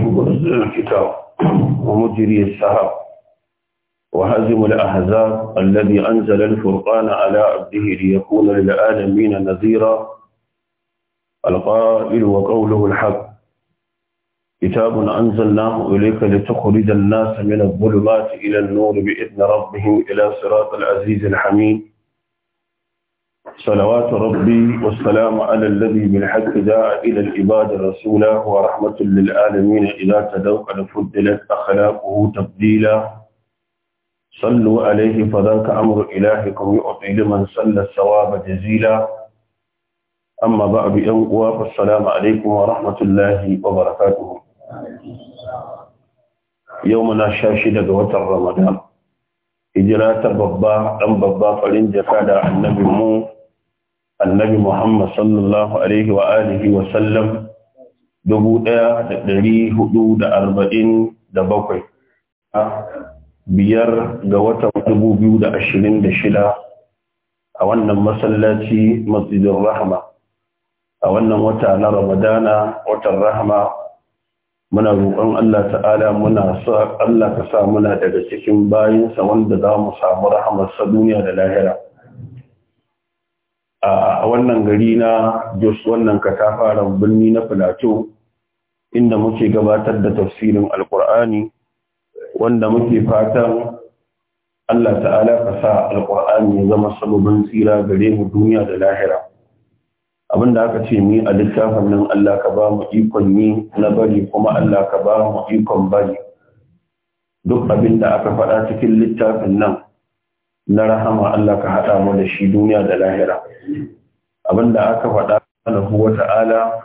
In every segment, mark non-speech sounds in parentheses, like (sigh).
منزل الكتاب ومجري السحاب وهزم الأحزاب الذي أنزل الفرقان على عبده ليكون للعالمين نذيرا القائل وقوله الحق كتاب أنزلناه إليك لتخرج الناس من الظلمات إلى النور بإذن ربهم إلى صراط العزيز الحميد صلوات ربي والسلام على الذي بالحق جاء إلى العباد رسولا ورحمة للعالمين إذا تدوكل فدلت أخلاقه تبديلا صلوا عليه فذاك أمر إلهكم يعطي لمن صلى الثواب جزيلا أما بعد أنقوا فالسلام عليكم ورحمة الله وبركاته يومنا الشاشد قوة رمضان hijira ta babba ɗan babba farin jaka da annabi mu annabi Muhammad sallallahu alaihi wa alihi wa sallam dubu da ɗari hudu da arba'in da bakwai biyar ga watan dubu biyu da ashirin da shida a wannan masallaci masjidin rahama a wannan wata na ramadana watan rahama muna roƙon Allah ta'ala muna sa Allah ka sa muna daga cikin bayinsa wanda za mu samu sa duniya da lahira a wannan gari na Jos wannan katafaren birni na Filato inda muke gabatar da tafsirin Alƙur'ani wanda muke fatan Allah ta'ala ka sa Alƙur'ani ya zama sababin tsira gare mu duniya da lahira abin da aka ce ni a littafin nan Allah ka ba mu ikon yi na bari kuma Allah ka ba mu ikon bari duk abin da aka faɗa cikin littafin nan na rahama Allah ka haɗa mu da shi duniya da lahira abin da aka faɗa na huwa ta'ala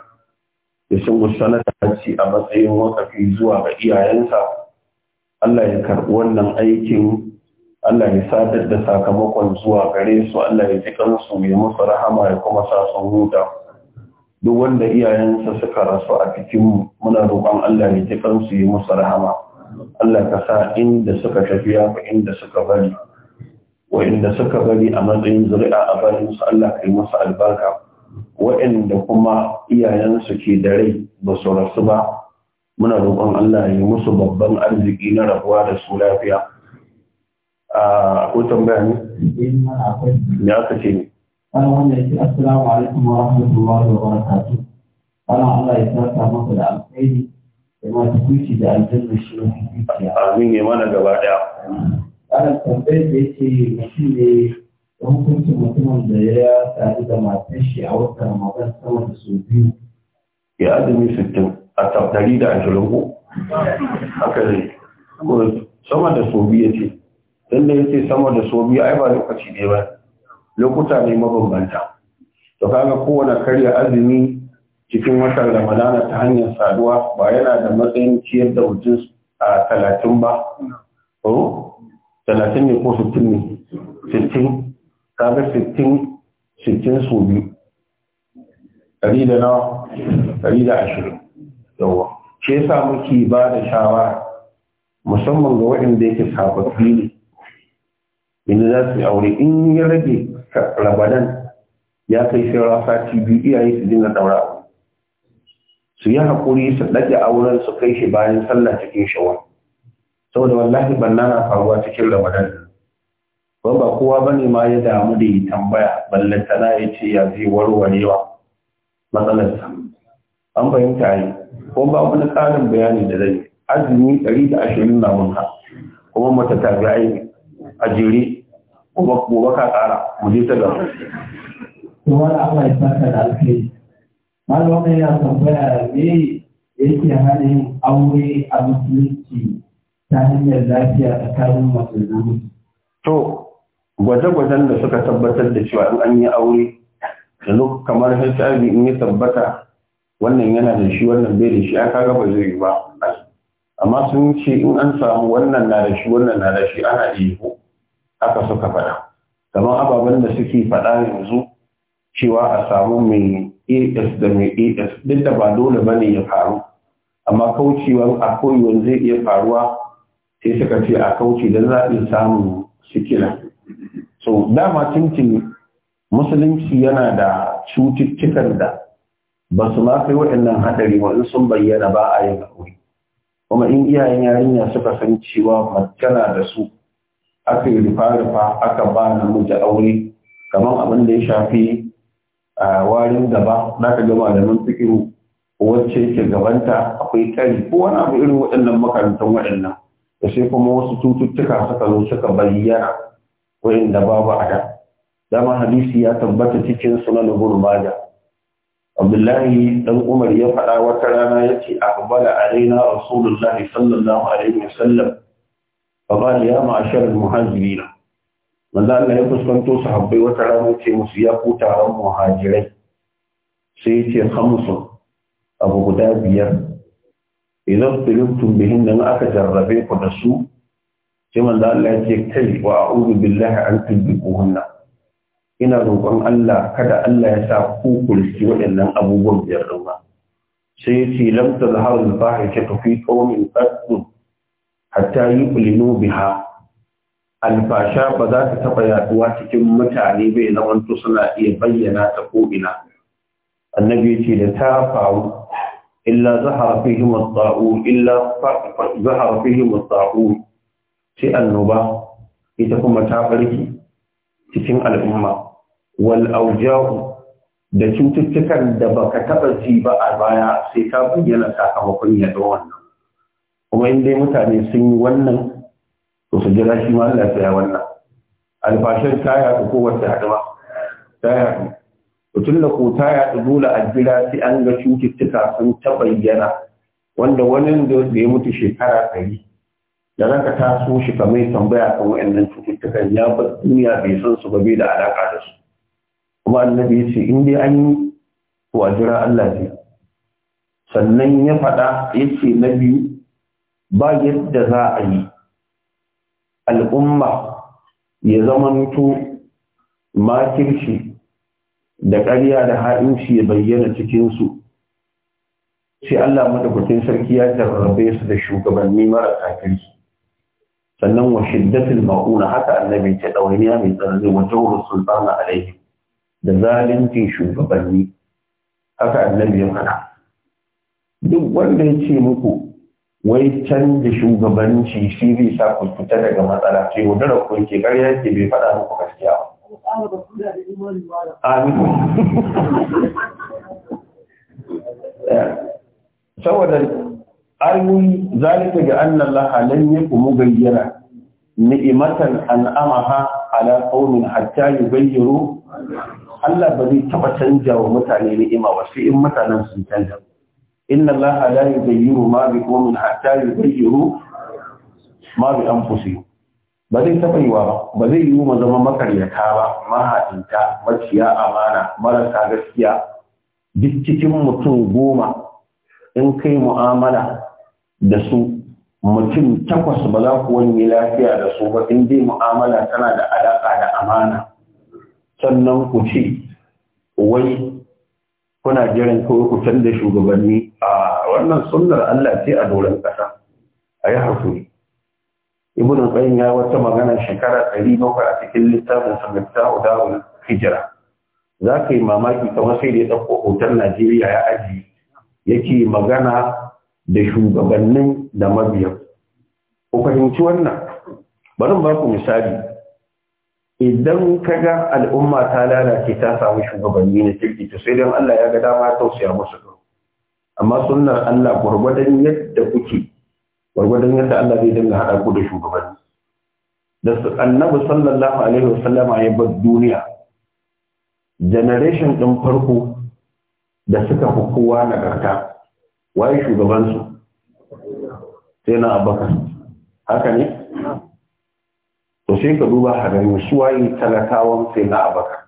ya sun gusana ta ci a matsayin wakafi zuwa ga iyayensa Allah ya karɓi wannan aikin Allah ya sadar da sakamakon zuwa gare su Allah ya ji kansu ya musu rahama ya kuma sa su huta duk wanda iyayensa suka rasu a cikin muna roƙon Allah ya ji kansu ya musu rahama Allah ka sa inda suka tafiya ko inda suka bari wa'inda suka bari a matsayin zuri'a a barin su Allah ka yi musu albarka wa'inda kuma iyayensu ke da rai ba su rasu ba muna roƙon Allah ya yi musu babban arziki na rabuwa da su lafiya ko tambaya ne? Eh, Me aka ce ne? Ana wanda ya ce Assalamu alaikum wa rahmatullahi wa barakatu. Ana Allah ya saka maka da alkhairi da ma tukuci da aljanna shi ne tukuciya. Amin ya mana gaba daya. Ana tambayar da yake shi ne da hukuncin mutumin da ya sadu da matar shi a wata Ramadan sama da sau biyu. Ya azumi sittin a tabtari da ashirin ko? Haka ne. Sama da sau biyu ya ce. inda ce sama da sobi biyu ai ba lokaci ne ba lokuta ne mabambanta to kaga kowane karya azumi cikin watan ramadana ta hanyar saduwa ba yana da matsayin ciyar da mutum a talatin ba ko talatin ne ko sittin ne sittin kaga sittin sittin so biyu ɗari da nawa ɗari da ashirin yawa shi yasa muke ba da shawara musamman ga waɗanda yake sababbi ne yanzu za su aure in ya rage rabadan ya kai shi sati biyu iyaye su dinga daura su yi haƙuri su ɗage auren su kai shi bayan sallah cikin shawar saboda wallahi banna na faruwa cikin ramadan ba ba kowa ba ne ma ya damu da yi tambaya ballantana ya ce ya zai warwarewa matsalarsa an fahimta yi ko ba wani ƙarin bayani da zai azumi ɗari da ashirin na kuma mata ta ra'ayi a gobe ka tsara mu je ta gaba to wani Allah ya saka da alkhairi malam wannan yana tambaya me yake hana yin aure a musulunci ta hanyar lafiya tsakanin masu namiji to gwaje-gwajen da suka tabbatar da cewa in an yi aure da yanzu kamar HIV in ya tabbata wannan yana da shi wannan bai da shi ya kaga ba zai yi ba amma sun ce in an samu wannan na da shi wannan na da shi ana iya aka suka faɗa kamar ababen da suke faɗa yanzu cewa a samu mai as da mai as duk da ba dole bane ya faru amma kaucewan a koyon zai iya faruwa sai suka ce a kauce don za a samun sikila so dama tintin musulunci yana da cututtukan da ba su ma kai waɗannan haɗari ba sun bayyana ba a yin haƙuri kuma in iyayen yarinya suka san cewa mace da su aka yi rufa-rufa aka ba namiji aure kamar abin da ya shafi a warin gaba za ka gama da nan fikiru wacce ke gabanta akwai kari ko wani abu irin waɗannan makarantar waɗannan da sai kuma wasu cututtuka suka zo suka bayyana waɗanda babu a da dama hadisi ya tabbata cikin sunan gurbaja abdullahi dan umar ya faɗa wata rana ya ce A aqbala alaina rasulullahi sallallahu alaihi wasallam فقال يا معشر المهاجرين من ذا الله يكسكنتو wata rana ce musu ya ku taron muhajirai sai yace khamsu abu guda biyar idan tulubtum bihin nan aka jarrabe ku da su sai man ذا Allah yace kai wa a a'udhu billahi an tubiquhunna ina roƙon Allah kada Allah ya sa ku kulki waɗannan abubuwan biyar din ba sai yace lam tazharu al-fahishatu fi qawmin qad hatta yuqlinu biha alfasha ba za ta taɓa yaduwa cikin mutane bai na wanto suna iya bayyana ta ko'ina. annabi ce da ta faru illa zahara fihim at illa sai annoba ita kuma ta ɓarki cikin al'umma wal da cututtukan da baka taɓa ji ba a baya sai ta bayyana sakamakon yaduwa wannan kuma in dai mutane sun yi wannan to su jira shi ma Allah ya wannan albashin ta ko wata haɗuwa ta Ku mutum da ku ta ku dole a jira sai an ga cututtuka sun ta bayyana wanda wani da ya mutu shekara ɗari da ranka ta so shi ka mai tambaya kan wa'annan cututtukan ya bar duniya bai san su ba bai da alaƙa da su kuma annabi ya ce in dai an yi to a jira Allah ne sannan ya faɗa ya ce na biyu ba yadda za a yi al'umma ya zamantu makirci da ƙarya da ha'inci ya bayyana cikinsu sai Allah madaukakin sarki ya jarrabe su da shugabanni mara kirki sannan wa shiddatul ma'una haka annabi ta dawainiya mai tsanani wa jawrul sultana alaihi da zalunci shugabanni haka annabi ya faɗa duk wanda ya ce muku wai canza shugabanci shi zai sa ku fita daga matsala ce wadda da ku ke ƙarya ke bai faɗa muku gaskiya ba. Amin. (laughs) Saboda ayoyi zalika ga annan laha lan kuma mugayyara ni'imatan ha ala qaumin hatta yubayyiru Allah ba zai taba canja wa mutane ni'ima ba sai in mutanen sun canja. inna allaha la yughayyiru ma bi qawmin hatta yughayyiru ma bi anfusihim ba zai taɓa wa ba ba zai yi ma zama makaryata ba mahaɗinta maciya amana marasa gaskiya duk cikin mutum goma in kai mu'amala da su mutum takwas ba za ku wani lafiya da su ba in dai mu'amala tana da alaƙa da amana sannan ku ce wai kuna jiran kawai ku canza shugabanni a wannan sunnar Allah ce a doron ƙasa a yi hakuri. ibn qayyim ya wata magana shekara 700 a cikin littafin sa Miftah Darul Hijra zaka yi mamaki kamar sai da ya dauko hoton Najeriya ya aji yake magana da shugabannin da mabiyan ku fahimci wannan bari ba ku misali idan ka ga al'umma ta lalace ta samu shugabanni na kirki to sai dan Allah ya ga dama tausaya musu amma sunnar Allah gwargwadon yadda kuke gwargwadon yadda Allah zai dinga haɗa ku da shugabanni da annabi sallallahu alaihi wasallama ya bar duniya generation ɗin farko da suka fi kowa nagarta waye shugabansu sai na abakar haka ne to sai ka duba hadan su waye talakawan sai na abakar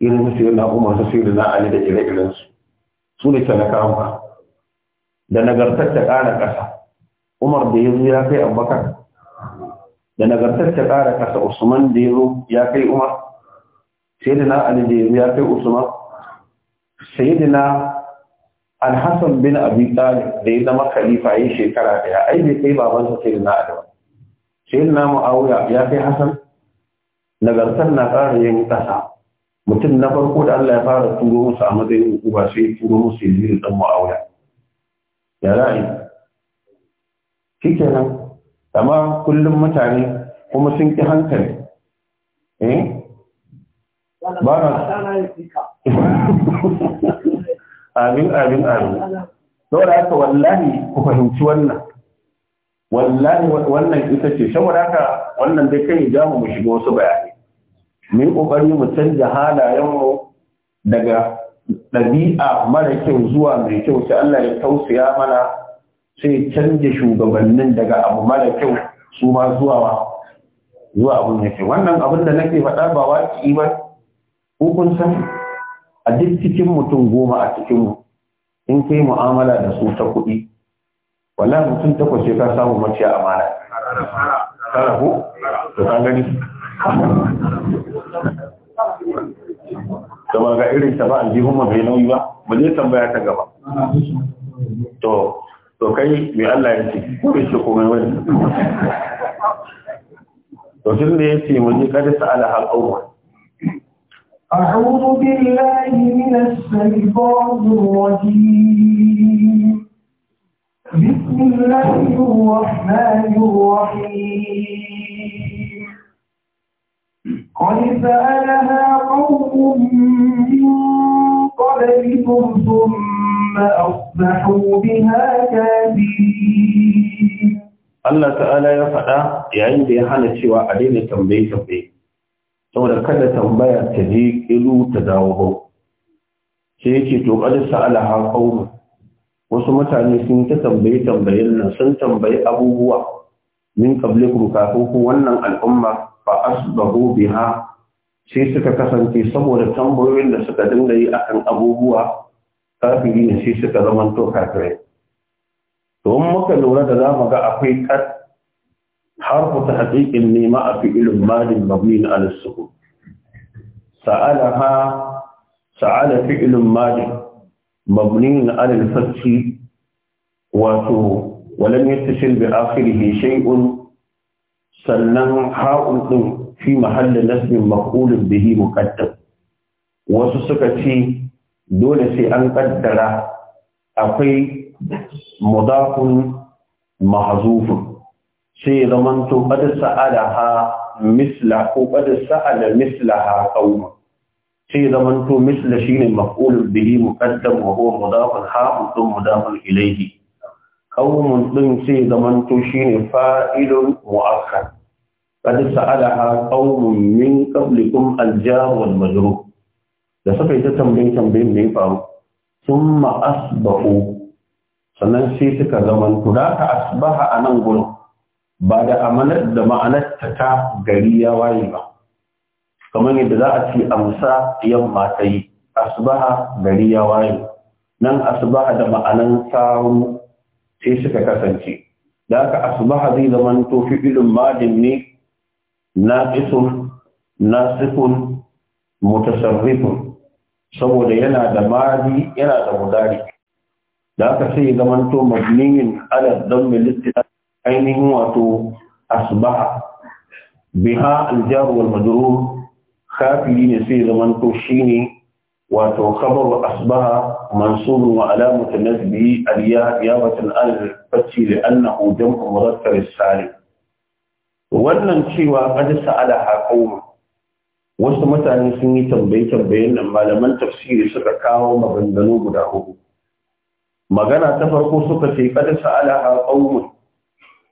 irin su na umar su sai na ali da ire-irensu su ne talakawan ba da nagartar ta ƙara ƙasa umar da ya zo ya kai abubakar da nagartar ta ƙara ƙasa usman da ya zo ya kai umar sai da ali da ya zo ya kai usman sai da na alhassan bin abi talib da ya zama khalifa yi shekara ɗaya ai bai kai babansa sai da na ali ba sai da na mu'awiya ya kai hassan nagartar na ƙara yin ƙasa mutum na farko da Allah ya fara turo musu a matsayin uba sai turo musu yanzu da ɗan mu'awiya ya ra'ayi shi kenan amma kullum mutane kuma sun ki hankali eh ba na abin (laughs) abin abin saboda haka wallahi ku fahimci wannan wallahi wannan ita ce saboda haka wannan dai kai jamu mu shiga wasu bayani. mu yi kokari mu canja halayenmu daga ɗabi'a mara kyau zuwa mai kyau sai Allah ya tausaya mana sai canza shugabannin daga abu mara kyau su ma zuwa zuwa abun ya ce wannan abin da nake faɗa ba waƙi ba kun san a duk cikin mutum goma a cikin in kai mu'amala da su ta kuɗi wala mutum takwas ya ka samu maciya amana ta rahu gani kamar ga irin ta ba aljihun ma bai nauyi ba ba zai tambaya ta gaba to to kai mai Allah ya ce ko shi ce wani to tun da ya ce mun ji kada sa ala hal awwal أعوذ بالله من الشيطان الرجيم بسم الله الرحمن الرحيم قد سألها قوم من قبلكم ثم أصبحوا بها Allah ta'ala ya faɗa yayin da ya hana cewa a daina tambaye-tambaye, saboda kada tambaya ta je ƙilu ta dawo hau. Sai yake to ƙadar sa'ala ha ƙaunar, wasu mutane sun ta tambaye-tambayen nan sun tambayi abubuwa min kable kafin ku wannan al'umma Ba fa asbahu biha sai suka kasance saboda tambayoyin da suka dinga yi akan abubuwa kafiri ne sai suka zama to kafirai to in muka lura da zamu ga akwai kat harfu ta haqiqin ne ma a fi'ilun madin mabni na al-sukun ha sa'ala fi'ilun madin mabni na wato fathi wato ولم يتصل بآخره شيء sannan ha'un ɗin fi mahallin nasbin maqulun bihi muqaddam wasu suka ce dole sai an ƙaddara akwai mudafun mahzufun sai zama zamanto qad sa'alaha misla ko Sa'ada sa'ala mislaha qauma sai zamanto misla ne maf'ulun bihi muqaddam wa huwa mudafun ha'un ɗin mudafun ilayhi qaumun ɗin sai zamanto shine fa'ilun mu'akkad qad sa'alaha qaumun min qablikum al-jar da suka yi ta tambaye tambaye mai faru ma'as asbahu sannan sai suka zamanto da ka asbaha anan gurin ba da amanar da ma'anar ta ta gari ya waye ba kamar yadda za a ce amsa yamma ta yi asbaha gari ya waye nan asbaha da ma'anar sawu sai suka kasance da aka asbaha zai zama to ilin madin ne na sifun mutasarrifun saboda yana da mali yana da mudari da aka sai zama to mabniyin don dhammi littila ainihin wato asbaha biha aljar wal majrur kafiri ne sai zama to shine wato khabaru asbaha mansub wa alamatu nasbi aliya ya watan al-fatti li annahu jam'u mudhakkar salim wannan cewa qad sa'ala haqawma wasu mutane sun yi tambaye tambayen nan malaman tafsiri suka kawo maganganu guda uku magana ta farko suka ce qad sa'ala haqawma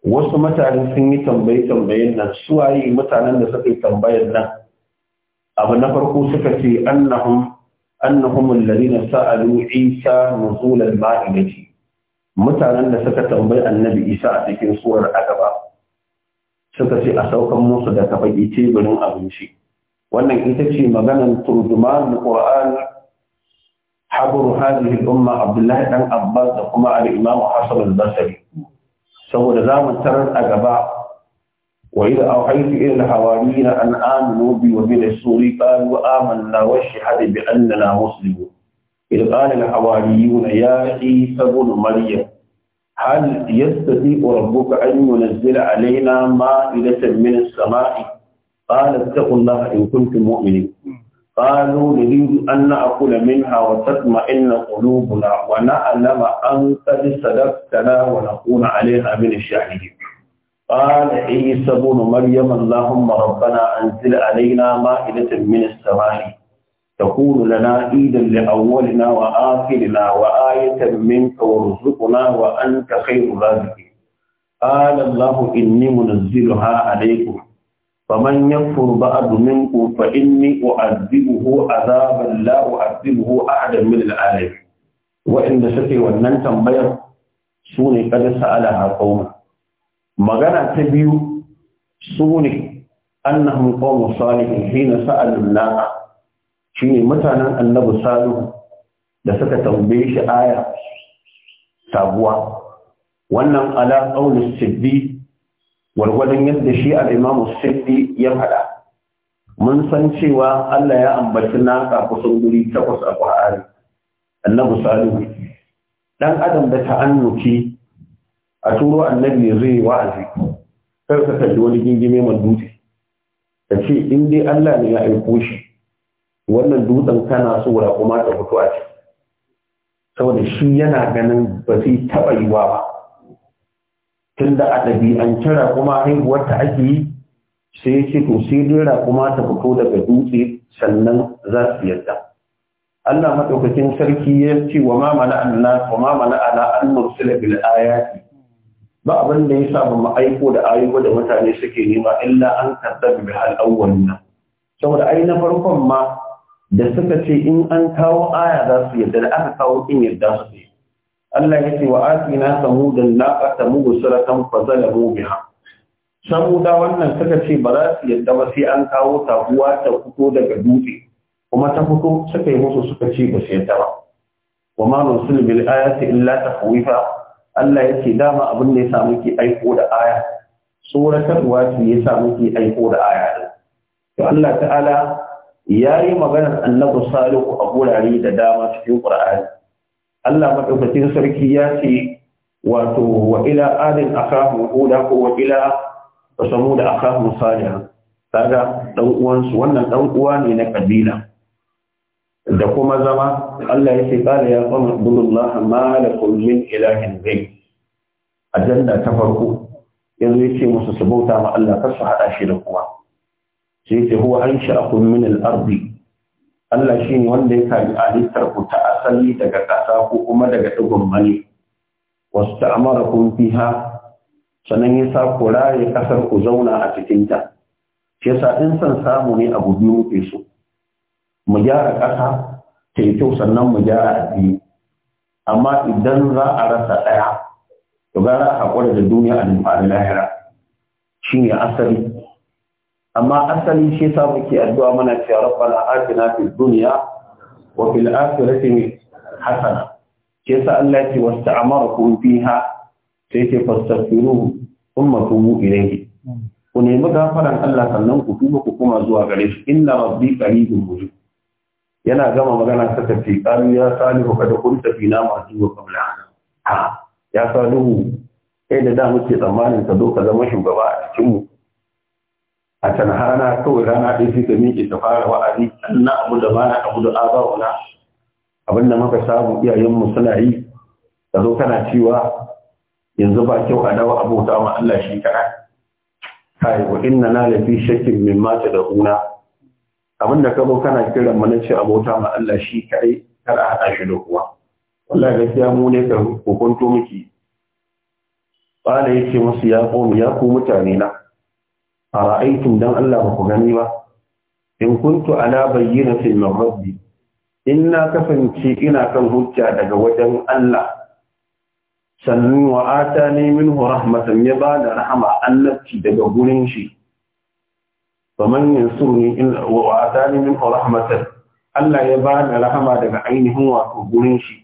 wasu mutane sun yi tambaye tambayen nan suwaye mutanen da suka yi tambayar nan abu na farko suka ce annahum annahum alladhina sa'alu Isa nuzul al-ma'idah mutanen da suka tambayi annabi Isa a cikin suwar a gaba suka ce a saukan musu da kafaki teburin abinci wannan ita ce maganar turjuman Qur'an حبر Abdullahi الأمة da kuma بن عباس وكما الإمام حسن البصري saboda za mu tarar a gaba وإذا أوحيت إلى الحواريين أن آمنوا بي وبرسولي قالوا آمنا واشهد بأننا مسلمون إذ قال الحواريون يا عيسى ابن مريم هل يستطيع ربك أن ينزل علينا مائدة من السماء قال اتقوا الله إن كنتم مؤمنين قالوا نريد أن نأكل منها وتطمئن قلوبنا ونعلم أن قد صدقتنا ونكون عليها من الشاهدين قال عيسى بن مريم اللهم ربنا أنزل علينا مائدة من السماء تقول لنا عيدا لأولنا وآخرنا وآية منك وارزقنا وأنت خير الرازقين قال الله إني منزلها عليكم فمن يكفر بعد منكم فإني أعذبه عذابا لا أعذبه أحدا من العالمين وإن سكي وننتم بيض سوني قد سألها قومه magana ta biyu su ne annahum qawmu salihin hina la’a shi ne mutanen annabi salu da suka tambaye shi aya sabuwa wannan ala qawli siddi yadda shi Alimamu imamu siddi ya faɗa mun san cewa Allah ya ambaci naka kusan guri takwas a ƙwa’ari annabi salu dan adam da ta annuki. a turo annabi ya zai wa'azi kar ka kalli wani gingime man dutse Ta ce in dai Allah ne ya aiko shi wannan dutsen kana so kuma ta fito a ce saboda shi yana ganin ba zai taɓa yiwa ba tun da a ɗabi'ance kuma haihuwar ta ake yi sai ya ce to sai dai raƙuma ta fito daga dutse sannan za su yarda Allah maɗaukakin sarki ya ce wa ma Allah wa ma ala an mursila bil ayati ba abin da ya sa mu aiko da ayyuka da mutane suke nema illa an kaddabi bi hal awwalina saboda ai na farkon ma da suka ce in an kawo aya za su yadda da aka kawo in yadda su yi Allah ya ce wa atina samudan naqa mugu suratan fazalamu biha Saboda wannan suka ce ba za su yadda ba sai an kawo taguwa ta fito daga dutse kuma ta fito suka yi musu suka ce ba su yadda ba wa ma nusul bil ayati illa tahwifa Allah ya ce dama abin da ya samu ke aiko da aya tsoratarwa ce ya samu ke aiko da aya ɗin to Allah ta'ala ya yi maganar annabi salihu a gurare da dama cikin qur'ani Allah madaukakin sarki ya ce wato wa ila adin akahu huda ko wa ila samuda akahu salih kaga dan uwansu wannan dan uwa ne na kabila da kuma zama Allah ya ce kare ya kuma abdullah ma da ilahin zai a ta farko yanzu ya ce musu su bauta ma Allah kar su haɗa shi da kuma sai ce huwa an sha'akun min al-ardi Allah shi ne wanda ya kaji halittar ku ta asali daga ƙasa ko kuma daga ɗigon Mali. wasu ta'amara kun fiha sanan ya sa ku raye ƙasar ku zauna a cikinta shi yasa in san samu ne abu biyu muke so mu gyara ƙasa ta yi kyau sannan mu gyara addini amma idan za a rasa ɗaya to gara a haƙura da duniya a nufa lahira shi ne asali amma asali shi sa muke addu'a mana cewa rabbana atina fid dunya wa fil akhirati hasana shi sa Allah ya wasta'amarakum fiha sai ce fastaghfiru thumma tubu ilayhi ku nemi gafaran Allah sannan ku tuba ku kuma zuwa gare shi inna rabbi qaribun mujib yana gama magana ta tafi kalu ya salihu kada kun tafi na masu wa kamla ha ya salihu kai da da muke tsammanin ka zo ka zama shugaba a cikin a can hana kawai rana ɗin fi gami ke ta fara wa'azi na abu da mana abu da abawuna abin da muka samu iyayenmu suna yi ka zo kana cewa yanzu ba kyau a dawo abota ma Allah shi kana kai wa inna na lafi shakin min mata da una abin da ka zo kana kiran na ce abota ma Allah shi kai kar a hada shi da kuwa wallahi gaskiya mu ne ka hukunto miki qala yace musu ya qawmi ya ku mutane na ara'aytum dan Allah ba ku gani ba in kuntu ala bayyinatin min rabbi in na ina kan hujja daga wajen Allah sannu wa atani minhu rahmatan ya da rahama annabci daga gurin shi faman yansurni in wa atani min rahmatan Allah ya ba ni rahama daga ainihin wato gurin shi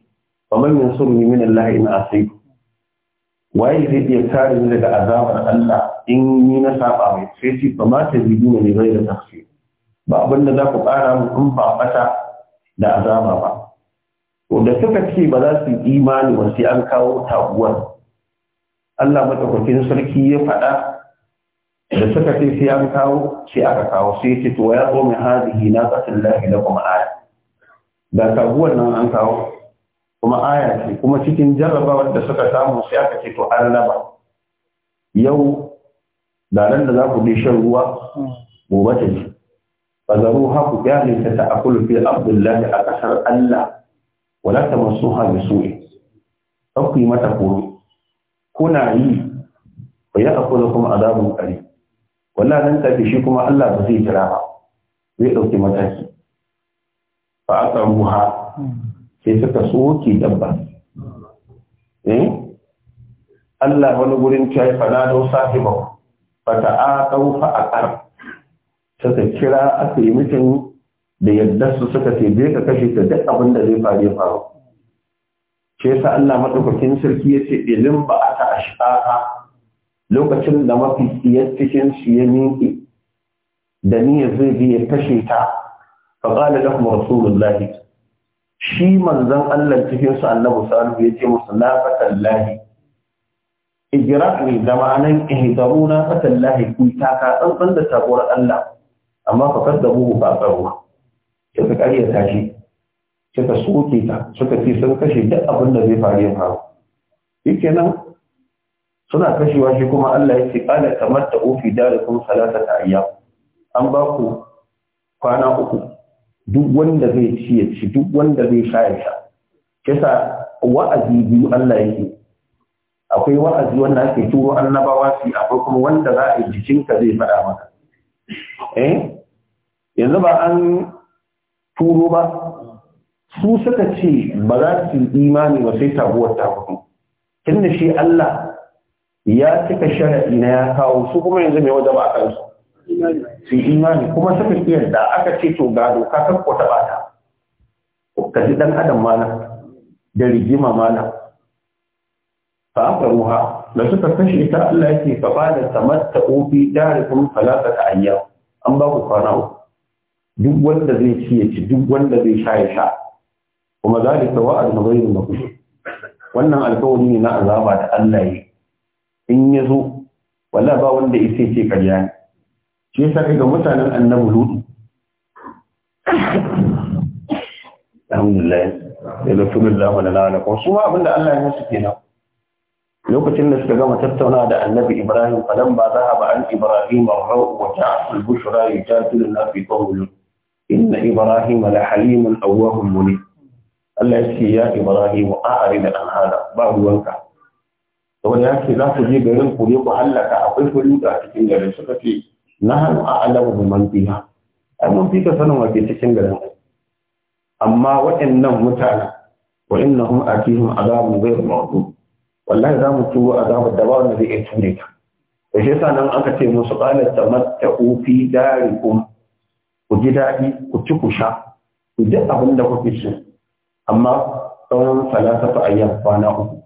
faman yansurni min Allah in asaitu waye zai iya tare ni daga azabar Allah in ni na saba mai sai ba ma ta bibi ne bai da tafsir ba abin da za ku ƙara mu in ba fata da azaba ba to da suka ce ba za su imani ba an kawo taguwar Allah madaukakin sarki ya faɗa da suka ce sai an kawo sai aka kawo sai ce to ya zo mai hadihi na tsakin lahi da kuma aya da kaguwan nan an kawo kuma aya ce kuma cikin jarrabawar da suka samu sai aka ce to an raba yau da nan da za ku bi shan ruwa gobe ta ce fazaru haku ne ta ta'akulu fi abdullahi a kasar Allah wala ta masu ha bi su'i ku mata koro kuna yi yi ya akulu kuma azabun kare wannan nan take shi kuma Allah ba zai kira ba zai ɗauki mataki fa aka buha sai suka soke dabba eh Allah wani gurin ta yi fana da sahiba ba ta a ɗaufa a suka kira aka yi mutum da yadda su suka ce bai ka kashe ta duk abin da zai faru faru Sai sa Allah madaukakin sarki yace ilim ba aka ashqaha lokacin da mafi siyar cikin shi ya miƙe da niyyar zai bi ya kashe ta fa qala lahum rasulullahi shi manzon Allah cikin su annabi salihu ya ce musu la fatallahi ijra'ni da na ihdaruna fatallahi ku ta ka tsantsan da takuwar Allah amma da buhu ba tsaro sai ka kariya tashi suka soke ta suka ce sun kashe duk abin da zai faru ya faru kenan suna kashewa shi kuma Allah ya ce kala kamar ta ofi kuma salata ta ayya an ba ku kwana uku duk wanda zai ci ya ci duk wanda zai sha ya sha kisa wa'azi biyu Allah yake akwai wa'azi wanda ake turo annabawa su akwai kuma wanda za a yi jikinka zai faɗa maka eh yanzu ba an turo ba su suka ce ba za su imani ba sai taguwar ta hudu tunda shi Allah ya cika sharaɗi na ya kawo su kuma yanzu mai wajaba a kansu su imani kuma suka da aka ce to ga doka kan ko taɓa ta ka ji ɗan adam mana da rigima mana fa aka ruha da suka kashe ta Allah yake fa ba da samatta ofi kuma falata ta ayya an ba ku kwana uku duk wanda zai ci ya ci duk wanda zai sha ya sha kuma za wa'ad ghayru maqdur wannan alkawari ne na azaba da Allah yi in ya zo wallahi ba wanda isa ce karya ne shi yasa kai ga mutanen annabi lutu alhamdulillah sai da tulun da wani lalaka su ma abinda Allah ya musu kenan lokacin da suka gama tattauna da annabi ibrahim falan ba za ba an ibrahim rau wa ta'asul bushra yujadilu na fi qawlin inna ibrahim la halimun awwahum munib Allah ya ce ya ibrahim a'rid an hada ba ruwanka wani ya ce za ku je garin ku ne ku hallaka akwai fariɗa a cikin garin suka ce na hannu a alamu man fiha ai mun fi ka sanin wa ke cikin garin amma waɗannan mutanen wa innahum atihim azabun ghayr mawdu wallahi za mu tuwo azabar da ba wanda zai iya ture ta da shi yasa nan aka ce musu qala tamatta'u fi darikum ku ji daɗi ku ci ku sha ku ji abin da kuke so amma tsawon salasatu ayyam kwana uku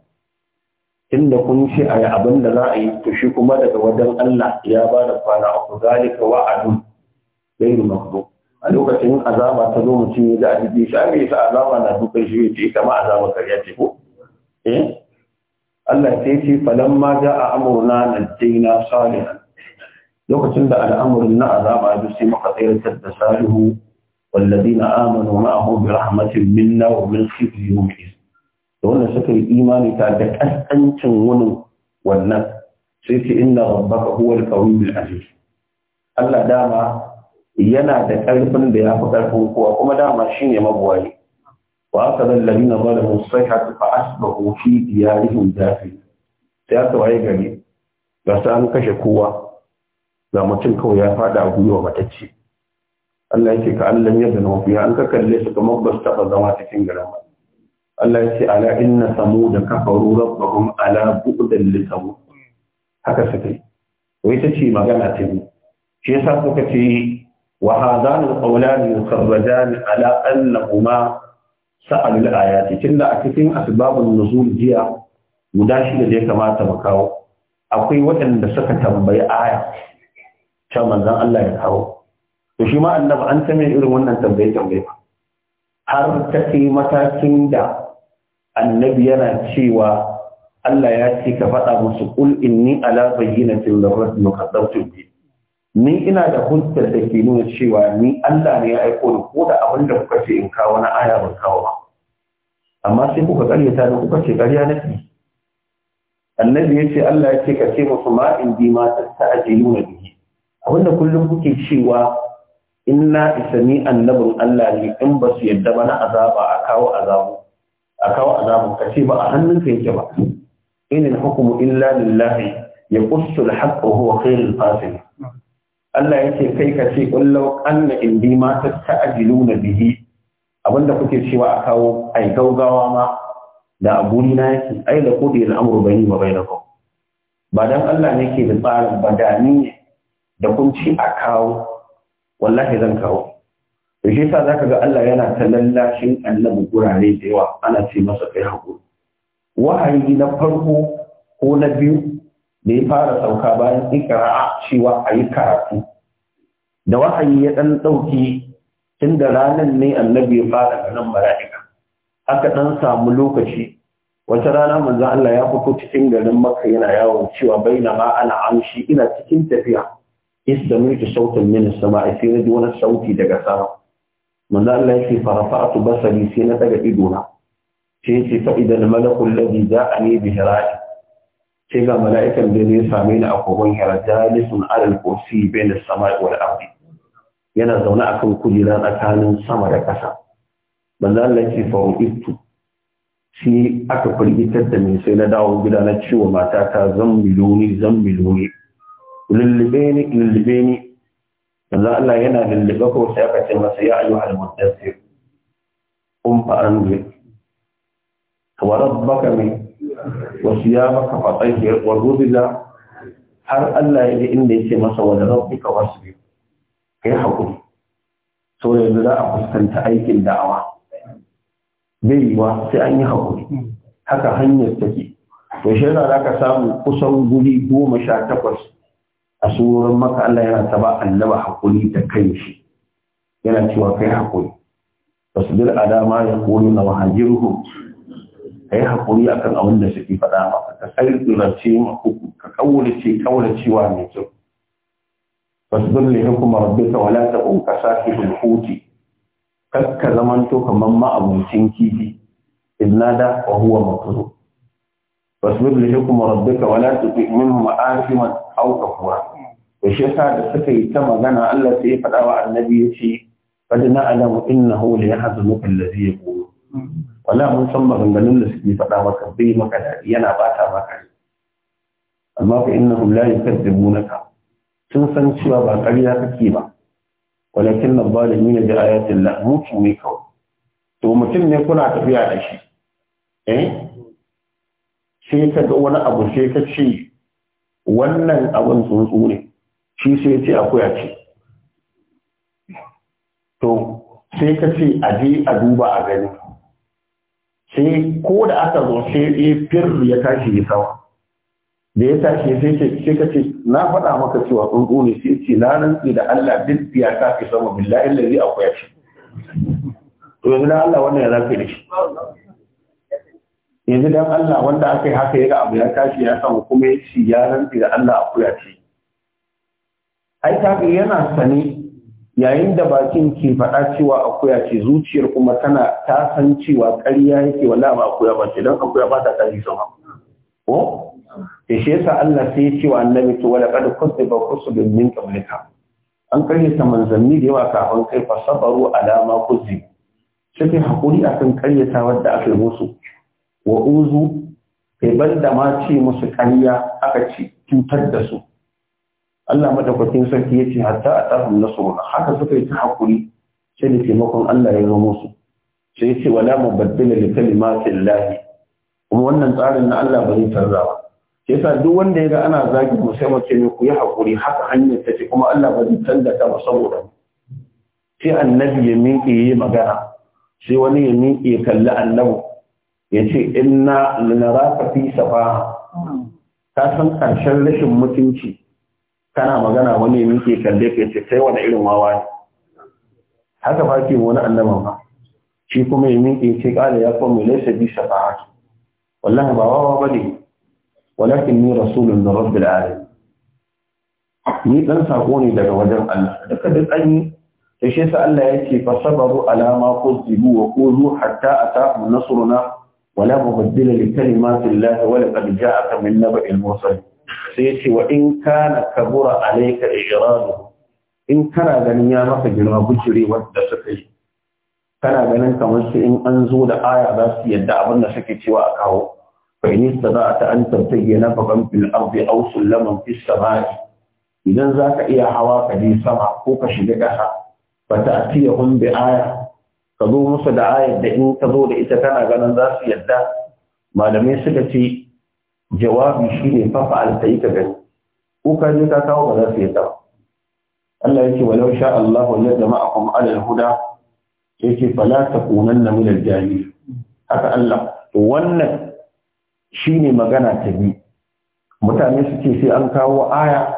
inda kun ce a yi abin da za a yi to shi kuma daga wajen Allah ya ba da kwana uku zalika wa'adun gairu makbu a lokacin azaba ta zo mutum ya za a jide shi an yi sa azaba na dukkan shi ya ce kama azaba karya ce ko eh Allah sai ce falan ma ja a amurna na daina salihan lokacin da al'amurin na azaba ya sai muka tsayar da salihu والذين آمنوا معه برحمة منا ومن خزي يوم إذ da wanda suka yi imani ta da kasancin wani wannan sai ce inna rabbaka kawai qawiyul aziz Allah dama yana da karfin da ya fi karfin kowa kuma dama shine ne. wa akada alladhina zalamu sayhatu fa asbahu fi diyarihim dafi sai aka waye gari ga sa an kashe kowa ga mutum kawai ya fada a gwiwa matacce Allah yake ka Allah na zana mafiya an ka kalle su kamar ba su taba zama cikin garin ba Allah ya ce ala inna samuda kafaru rabbahum ala bu'dan li samud haka suka wai ta ce magana ta biyu shi yasa suka ce wa hadan alqawlan yukharrajan ala annahuma sa'al al-ayati tunda a cikin asbabun nuzul jiya guda shi da ya kamata mu kawo akwai waɗanda suka tambayi aya ta manzon Allah ya kawo to shi ma annabi an ta irin wannan tambaye tambaye har ta kai matakin da annabi yana cewa Allah ya ce ka faɗa musu kul inni ala bayyinatin min rabbi mukaddamtu bi ni ina da hujjar da ke nuna cewa ni Allah ne ya aiko ni ko da abin da kuka ce in kawo na aya ban kawo ba amma sai kuka karyata da kuka ce karya nake annabi ya ce Allah ya ce ka ce musu ma in bi ma tasta'jiluna bihi da kullum kuke cewa isa ni annabin Allah ne in ba su yadda bana azaba a kawo azabu a kawo azabu ka ce ba a ka yake ba in hukumu illa lillahi ya qussu da haqq wa huwa khayrul fasil Allah yake kai ka ce qul law anna indi ma tasta'jiluna bihi abinda kuke cewa a kawo ai gaugawa ma da abuni na yake ai da kudi al-amru bayni wa bainakum ba dan Allah ne ke da tsarin badani da kun ci a kawo wallahi zan kawo da shi sa zaka ga Allah yana ta lallashin annabi gurare da yawa ana ce masa kai hakuri wahayi na farko ko na biyu da ya fara sauka bayan ikara cewa yi karatu da wahayi ya ɗan ɗauki, tun da ranar ne annabi ya fara nan mala'ika aka ɗan samu lokaci wata rana manzo Allah ya fito cikin garin maka yana yawon cewa bai na ana amshi ina cikin tafiya isdamitu sautin min as na ji wani sauti daga sama manzo Allah yake farafa'tu basari sai na daga ido na sai yace fa idan malakul ladhi ja'ani bi hirati sai ga mala'ikan da ya same ni a kogon hira jalisun alal kursi bayna samai wal ardi yana zaune akan kujera tsakanin sama da ƙasa manzo Allah yake fa shi aka firgitar da mai sai na dawo gida na ciwo matata zan miloni zan lullube ni lullube ni yanzu Allah yana lullube ko sai aka ce masa ya ayyuha al-muddathir qum fa anzir wa rabbaka min wa siyamaka fa tahir wa rubila har Allah ya ji inda yake masa wa rabbika biyu? kai hakuri so yanzu za a fuskanta aikin da'awa bai wa sai an yi hakuri haka hanyar take to shi za ka samu kusan guri goma sha takwas a tsoron maka Allah yana ta ba annaba haƙuri da kan shi yana cewa kai haƙuri fasbir adama ya koyi na wahajiruhu ka yi haƙuri a kan abin da suke faɗa ba ka ma makuku ka ƙaurace ƙauracewa mai kyau Ba su fasbir kuma rabbi ka wala ta'un ka sahibul huti kakka to kamar ma'abuncin kifi iznada wa huwa makruh فاصبر لحكم ربك ولا تطع منهم آثما أو كفورا da shi yasa da suka yi ta magana Allah sai ya faɗa wa annabi ya ce qad na'lamu innahu la yahzunuka alladhi yaqulu wala mun san maganganun da suke faɗa maka bai maka dadi yana bata maka amma fa innahum la yukadzibunaka sun san cewa ba ƙarya kake ba walakin zalimin bi ayatin la mutu ne kawai to mutum ne kuna tafiya da shi eh sai ka ga wani abu sai ka ce wannan abin tsuntsu ne shi sai ce akuya ce to sai ka ce a je a duba a gani sai ko da aka zo sai ya fir ya tashi ya sama da ya tashi sai ce sai ka ce na faɗa maka cewa tsuntsu ne sai ce na ce da Allah duk ya ta fi sama billahi lazi akuya ce to yanzu dan Allah wannan ya zafi da shi yanzu dan Allah wanda aka yi haka ya ga abu ya tashi ya samu kuma ya ci ya rantsi da Allah akuya ce ai kaga yana sane yayin da bakin ke faɗa cewa akuya ce zuciyar kuma tana ta san cewa ƙarya yake wala ba akuya ba ce don akuya ba ta ƙari sama ko da shi yasa Allah sai ya ce wa annabi to wala qad kusu kusulun min qablika an karyata manzanni da yawa kafin kai fa sabaru ala ma kuzi suke hakuri akan karyata wanda aka yi musu wa uzu kai banda ma ce musu ƙarya aka ci cutar da su Allah madaukakin sarki ya ce hatta a tsafin nasuruna haka suka yi ta hakuri sai da taimakon Allah ya zo musu sai ya ce wala baddala li kalimatin lahi kuma wannan tsarin na Allah ba zai canza ba sai duk wanda ya ga ana zagi mu sai mace ne ku yi hakuri haka hanyar ta ce kuma Allah ba zai canza ta ba saboda sai annabi ya miƙe yi magana sai wani ya miƙe kalli annabi ya ce inna lanaraka fi safa ka san ƙarshen rashin mutunci kana magana wani muke kalle ka ce kai wani irin wawa ne haka ba ke wani annaba ba shi kuma ya miƙe ce ƙada ya kuma laisa bi shafa'atu wallahi ba wawa ne, walakin ni rasulun da rabbil alamin ni dan sako ne daga wajen Allah duka duk an yi sai shi sa Allah yake fa sabaru ala ma qudibu wa qulu hatta ata'u nasruna wala mubaddila li kalimati llahi wa laqad ja'aka min naba'il mursalin sai ce wa in kana kabura alayka ijradu in kana ganin ya maka girma bujire wanda suka yi kana ganin kamar su in an zo da aya za su yadda abin da suke cewa a kawo fa in ta an na nafakan fil ardi aw sulaman fis ne. idan zaka iya hawa ka je sama ko ka shiga ƙasa fa ta'tiyahum bi aya ka zo musu da ayar da in ka zo da ita kana ganin za su yadda malamai suka ce jawabi shine fa fa'al sai ka gani ko ka je ka kawo ba za su yi tsawo Allah yake walau sha Allah ya a kuma alal huda yake fala kunan na al jami haka Allah to wannan ne magana ta bi mutane su ce sai an kawo aya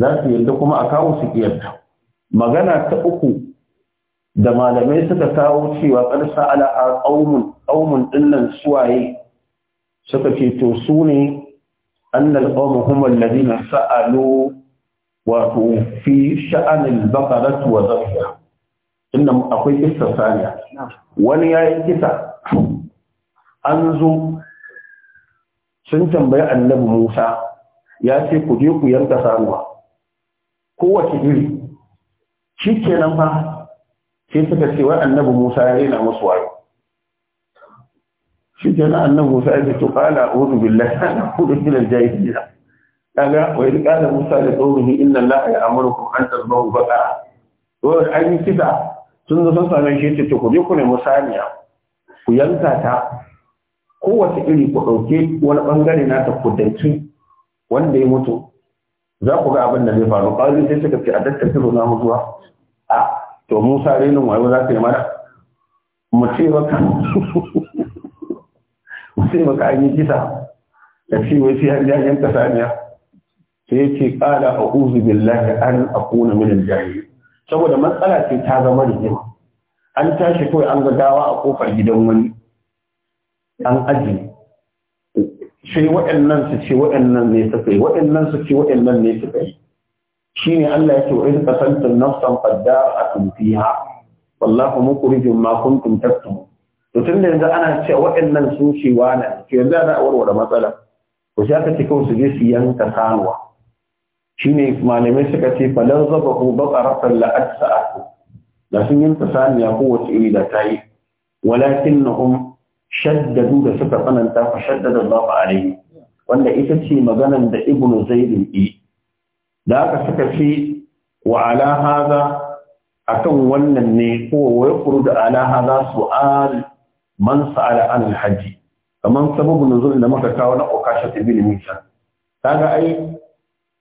za su yarda kuma a kawo su yadda. magana ta uku da malamai suka kawo cewa ƙarsa ala a ƙaumun ƙaumun ɗinnan suwaye suka ce to su ne annal qawmu hum alladhina sa'alu wato fi sha'anil baqarati wa dhabiha inda akwai kissa saniya wani ya yi kisa an zo sun tambayi annabi Musa ya ce ku je ku yanka sanuwa kowace iri shi shikenan fa sai suka ce wai annabi Musa ya rena musu wayo shi ke na annan musa ya ce to kala a'udhu billahi ana kudu ila jahiliya ga, wa idh qala musa li qawmihi inna allaha kuma an tadhbahu baqa to an yi kisa sun zo sun same shi ce to ku je ku nemi saniya ku yanka ta kowace iri ku ɗauke wani bangare na ta kudanci wanda ya mutu za ku ga abin da zai faru ƙwari sai suka ce a tattaro na mutuwa a to musa renin wayo za ka yi mana mu ce maka ce maka an yi kisa da shi wai sai an jayen ta saniya sai ya ce ƙala a uzu billahi an a kuna min jahi saboda matsala ce ta zama da jima an tashi kawai an gagawa a kofar gidan wani an aji sai waɗannan su ce waɗannan ne suka yi waɗannan su ce waɗannan ne suka yi shine Allah ya ce wa in qataltum nafsan qad da'atun fiha wallahu mukhrijum ma kuntum taktumun to tun da yanzu ana cewa waɗannan sun ce wani to yanzu ana warware matsala to sai aka kawai su je su yanka sanuwa shine malamai suka ce falan zaba ko bakaratan la'at sa'atu da sun yanka saniya kowace iri da ta yi walakinnahum shaddadu da suka tsananta fa shaddada Allahu alaihi wanda ita ce maganan da ibnu Zaid yi da haka suka ce wa ala hada akan wannan ne ko wai kuru da ala hada su'al man sa'ala an hajji kaman sababu nuzul da muka kawo na okasha ibn Musa kaga ai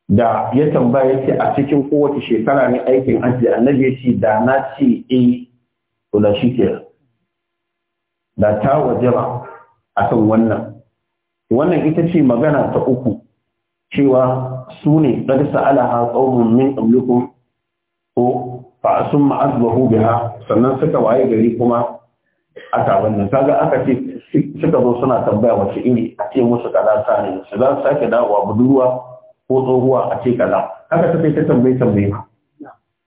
da ya tambaya yace a cikin kowace shekara ne aikin hajji annabi yace da na ce eh to da shike da ta wajaba akan wannan wannan ita ce magana ta uku cewa su ne ɗan sa'alaha tsawon min amlukum ko fa sun ma'azbahu biha sannan suka waye gari kuma aka wannan kaga aka ce suka zo suna tambaya wace iri a ce musu kaza ta ne su za su sake dawowa budurwa ko tsohuwa a ce kaza haka ta kai ta tambayi tambayi.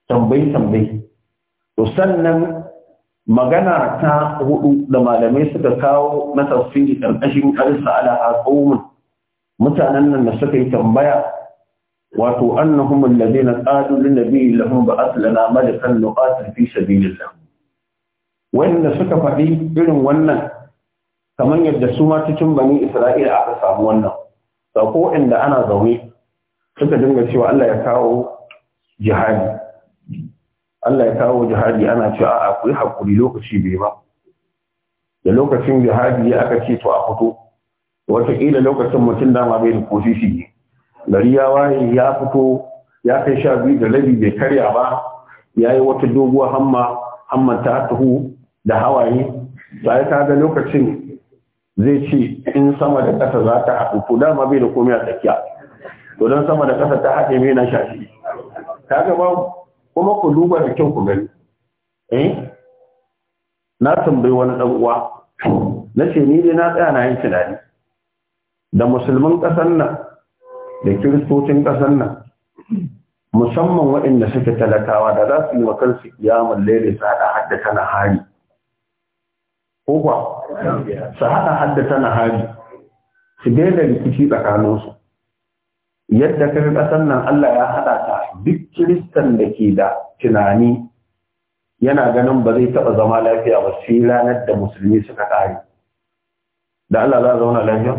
Tambayi-tambayi. to sannan magana ta hudu da malamai suka kawo na tafsiri karkashin alsa ala aqumun mutanen nan da suka yi tambaya wato annahum alladhina qalu lin nabiyyi lahum ba'ath malikan nuqatil fi sabilillah wanda suka faɗi irin wannan kamar yadda su ma cikin bani isra'ila aka samu wannan sako inda ana zaune suka dinga cewa Allah ya kawo jihadi Allah ya kawo jihadi ana cewa a ku yi hakuri lokaci bai ba da lokacin jihadi ya aka ce to a fito wataƙila lokacin mutum dama bai da kofi shi ne gari ya waye ya fito ya kai sha biyu da rabi bai karya ba ya yi wata doguwa hamma hamman ta tahu da hawaye sai ka ga lokacin zai ce in sama da ƙasa za ta haɗu ko dama bai da komai a tsakiya to don sama da ƙasa ta haɗe mai na shafi ta gaba kuma ku duba da kyau ku gani eh na tambayi wani ɗan uwa na ce ni dai na tsaya na yin tunani da musulman ƙasar nan da kiristocin ƙasar nan musamman waɗanda suke talakawa da za su yi wa kansu kiyamun lele su haɗa hadda tana hari ko kuwa su haɗa haddata na hari su daina rikici tsakaninsu yadda kan ƙasar nan Allah ya haɗa ta duk kiristan da ke da tunani yana ganin ba zai taɓa zama lafiya ba sai ranar da musulmi suka ƙare da Allah za a zauna lafiya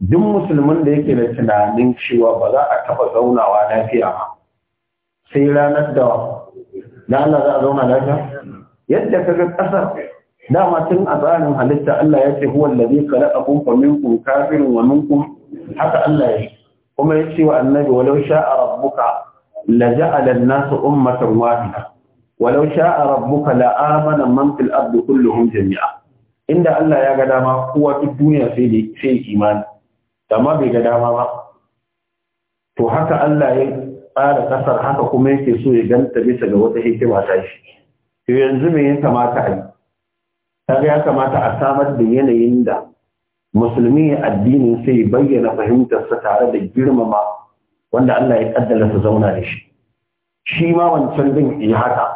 duk musulmin da yake da tunanin cewa ba za a taɓa zaunawa lafiya ba sai ranar da da Allah za a zauna lafiya yadda kaga ƙasar dama tun a tsarin halitta Allah ya ce huwa allazi khalaqakum fa minkum kafirun wa minkum haka Allah ya kuma ya ce wa annabi walau sha'a rabbuka la ja'ala an-nasu ummatan wahida walau sha'a rabbuka la amana man fil ardi kulluhum jami'a inda Allah ya ga dama kowa duk duniya sai da sai imani amma bai ga dama ba to haka Allah ya tsara kasar haka kuma yake so ya ganta bisa ga wata hikima ta shi to yanzu me ya kamata a yi kaga ya kamata a samar da yanayin da musulmi addinin sai bayyana fahimtarsa tare da girmama wanda Allah ya kaddara su zauna da shi shi ma wancan din ya haka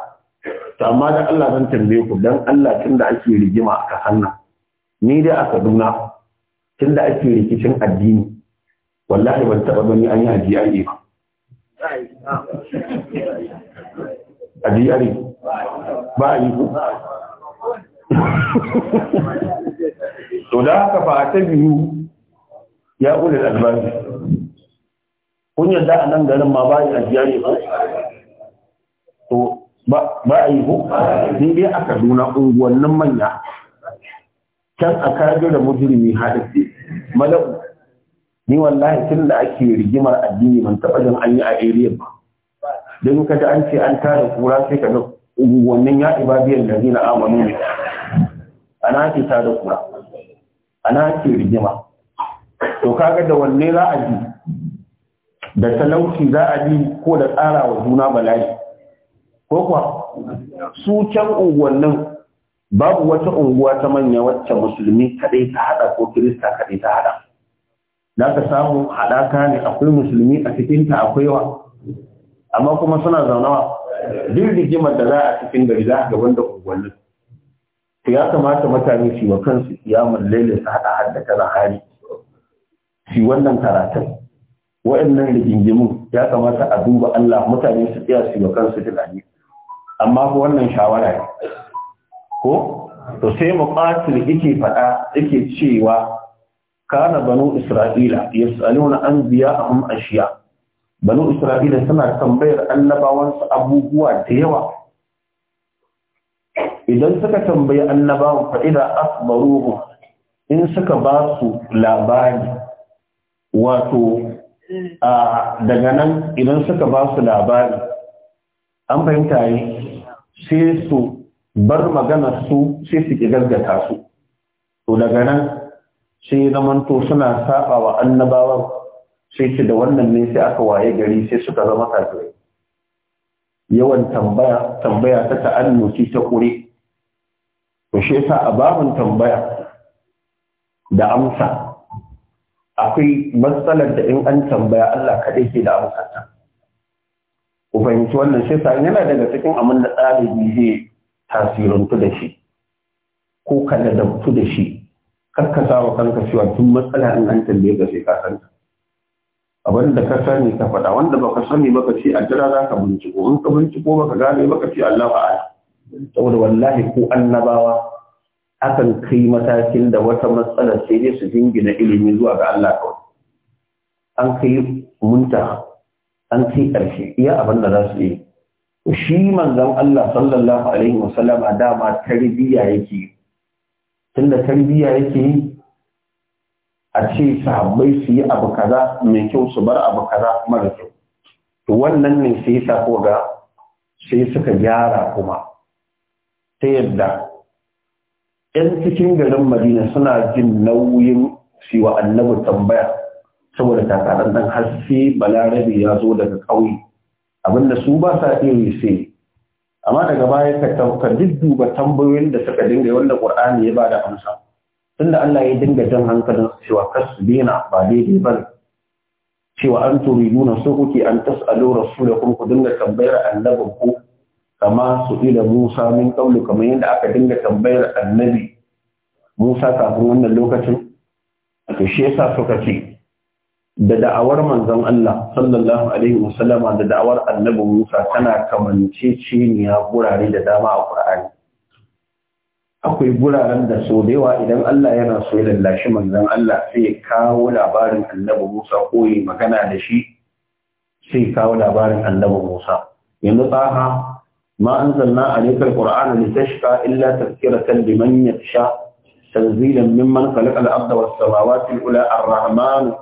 to amma da Allah zan tambaye ku dan Allah tunda ake rigima a kasan nan ni dai a Kaduna tunda ake rikicin addini wallahi ban taba gani an yi a ba a ba a yi ku to da haka fa ta biyu ya ƙule da kun yadda a nan garin ma ba a ajiya ne ba to ba a yi ko ni dai a kaduna unguwannin manya can a kajar da mujirmi haɗaɗe mala'u ni wallahi tun da ake rigimar addini ban taɓa jin an yi a area ba don ka ji an ce an tara kura sai ka ga unguwannin ya biyan da zina amanu ne ana ake ta da kura ana ake rigima to kaga da wanne za a ji da talauci za a ji ko da tsara wa juna bala'i ko kuwa su can unguwannin babu wata unguwa ta manya wacce musulmi kaɗai ta haɗa ko kirista kaɗai ta haɗa za ka samu haɗaka ne akwai musulmi a cikinta akwai wa amma kuma suna zaunawa duk rigimar da za a cikin gari za a gaban da unguwannin to ya kamata mutane su wa kansu kiyamun laila su haɗa haddaka na hari su wannan karatun wa'annan rigingimin ya kamata a duba Allah mutane su tsaya su wa kansu tunani amma ko wannan shawara ne ko to sai muqatil yake faɗa yake cewa kana banu isra'ila yas'aluna anbiya'ahum ashiya banu isra'ila suna tambayar annabawansu abubuwa da yawa idan suka tambayi annabawa fa idza asbaruhu in suka ba su labari wato daga nan idan suka ba su labari an fahimta yi sai su bar magana su sai su ki gaggata su to daga nan sai zamanto suna saba wa annabawan sai ce da wannan ne sai aka waye gari sai suka zama kafirai yawan tambaya tambaya ta ta'annusi ta kure to shi yasa a babun tambaya da amsa akwai matsalar da in an tambaya Allah kaɗai ke da amsa ta ku fahimci wannan shi yasa yana daga cikin abin da ɗalibi zai tasirantu da shi ko ka da shi kar ka sa kanka cewa tun matsala in an tambaye ka sai ka san ta abin da ka sani ka faɗa wanda baka sani baka ce a jira za ka binciko in ka binciko baka gane baka ce Allah ba aya saboda wallahi ko annabawa akan kai matakin da wata matsala sai dai su jingina ilimi zuwa ga Allah kawai an kai munta an kai ƙarshe iya abin da za su yi shi manzon Allah sallallahu alaihi wasallam a dama tarbiyya yake tunda tarbiyya yake a ce sahabbai su yi abu kaza mai kyau su bar abu kaza mara kyau to wannan ne sai sa ko ga sai suka gyara kuma ta yadda 'yan cikin garin madina suna jin nauyin su wa annabi tambaya saboda takarar dan sai balarabe ya zo daga ƙauye abinda su ba sa iri sai amma daga baya ka duba tambayoyin da suka dinga wanda ƙur'ani ya ba da amsa tunda Allah ya dinga jan hankalin su cewa kasbina ba daidai ba cewa an turiduna so kuke an tas'alu rasulakum ku dinga tambayar annabin ku kama su ila Musa min qawli kamar yadda aka dinga tambayar annabi Musa kafin wannan lokacin to shi yasa suka ce da da'awar manzon Allah sallallahu alaihi wasallama da da'awar annabi Musa tana kamanceceniya gurare da dama a Qur'ani akwai guraren da so da yawa idan Allah yana so ya lallashi manzan Allah sai kawo labarin annabi Musa ko yi magana da shi sai kawo labarin annabi Musa yanzu tsaha ma anzalna da ta shiga illa tadhkiratan liman sha tanzilan mimman khalaqa al-ardha was-samawati al-ula ar rahmanu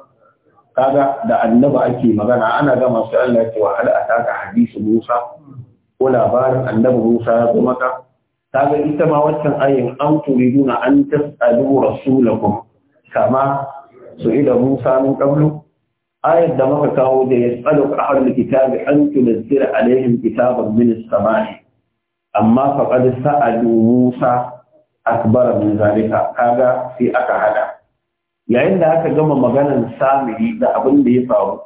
kaga da annabi ake magana ana ga masu Allah cewa a taka hadisi Musa ko labarin annabi Musa ya zo maka kaga ita ma wancan ayin an na an tas'alu rasulakum kama su'ila Musa min qablu ayat da muka kawo da yas'aluka ahlul kitabi an tunzila alaihim kitaban min as-sama'i amma faqad sa'alu Musa akbar min zalika kaga sai aka hada yayin da aka gama maganan samiri da abin da ya faru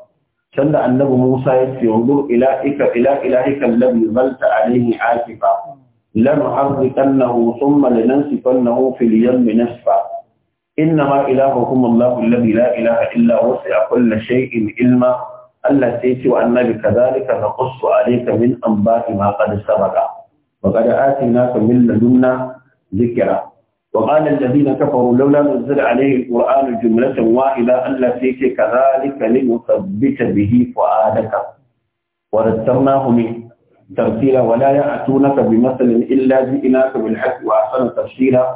can da annabi Musa ya ce wa ila ika ila ilahika alladhi zalta alaihi akifa لنحرقنه ثم لننسفنه في اليم نسفا إنما إلهكم الله الذي لا إله إلا وسع كل شيء علما ألا تيتي وأن بكذلك نقص عليك من أنباء ما قد سبق وقد آتيناك من لدنا ذكرا وقال الذين كفروا لولا نزل عليه القرآن جملة واحدة ألا تيتي كذلك لنثبت به فؤادك ورتلناه منه تفسيرا ولا يأتونك بمثل إلا جئناك بالحق وأحسن تفسيرا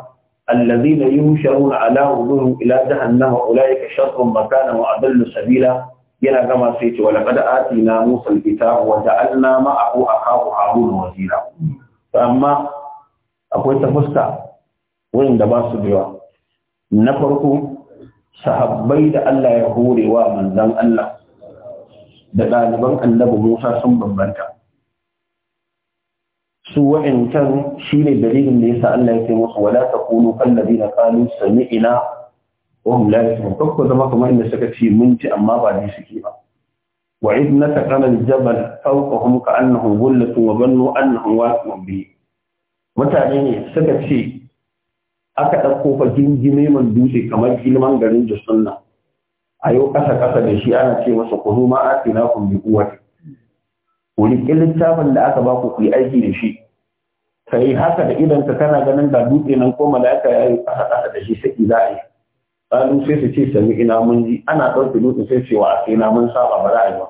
الذين ينشرون على وجوههم إلى جهنم أولئك شر مكانا وأضل سبيلا ينا كما سيت ولقد آتينا موسى الكتاب وجعلنا معه أخاه هارون وزيرا فأما أقول تفسك وين دباس بيوا نفركم sahabbai da Allah ya hore wa manzan Allah da ɗaliban annabi Musa sun bambanta. su wa'incan shine dalilin da yasa Allah ya ce musu wala taqulu kal ladina sami ina wa hum la yasma'un ko zama kamar inda suka ce mun ji amma ba dai suke ba wa idh nataqana al-jabal fawqahum ka'annahu ghullatun wa bannu annahum waqi'un bihi mutane ne suka ce aka ɗauko fa gingime man dutse kamar ilman garin da sunna a yau ƙasa ƙasa da shi ana ce masa kuzu ma atina kun bi kuwati ku riƙe da aka ba ku yi aiki da shi ka yi haka da idan ka kana ganin da dutse nan ko mala'ika ya yi kasa da shi sai za a yi ƙalu sai su ce sami ina mun ji ana ɗauke dutse sai ce a sai na mun saba ba za a yi ba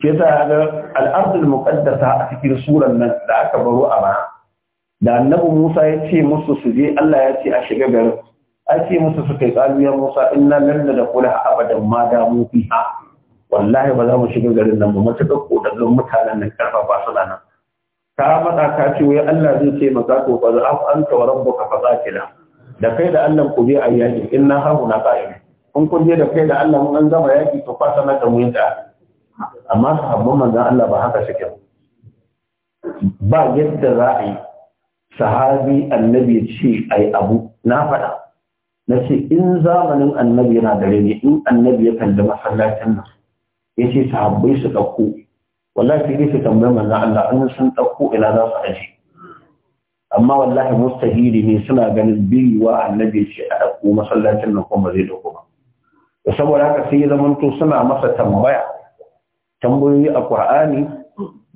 ke eh? sa ga al'adul muqaddasa a cikin suran nan da aka baro a baya da annabi Musa ya ce musu su je Allah ya ce a shiga garin a musu su kai ƙalu ya Musa inna lan nadkhulaha abadan ma damu fiha wallahi ba za mu shiga garin nan ba matuƙar ƙoƙarin mutanen nan karfafa suna nan ka faɗa ka ce wai Allah zai ce maka to fa za an ta waran ka fa zakila da kai da Allah ku bi a yaki in na hahu na qa'im in kun je da kai da Allah mun an gama yaki to fa sanar da mu yanda amma sahabban manzon Allah ba haka suke ba yadda za a yi sahabi annabi ce ai abu na faɗa na ce in zamanin annabi yana da rini in annabi ya kalli masallacin nan ya ce sahabbai su ɗauko wallahi sai dai su tambayi manzan Allah in sun ɗauko ina za su aje amma wallahi mustahili ne suna ganin biriwa annabi ce a ɗauko masallacin nan kuma zai ɗauko ba da saboda haka sai ya zamanto suna masa tambaya tambayoyi a Qur'ani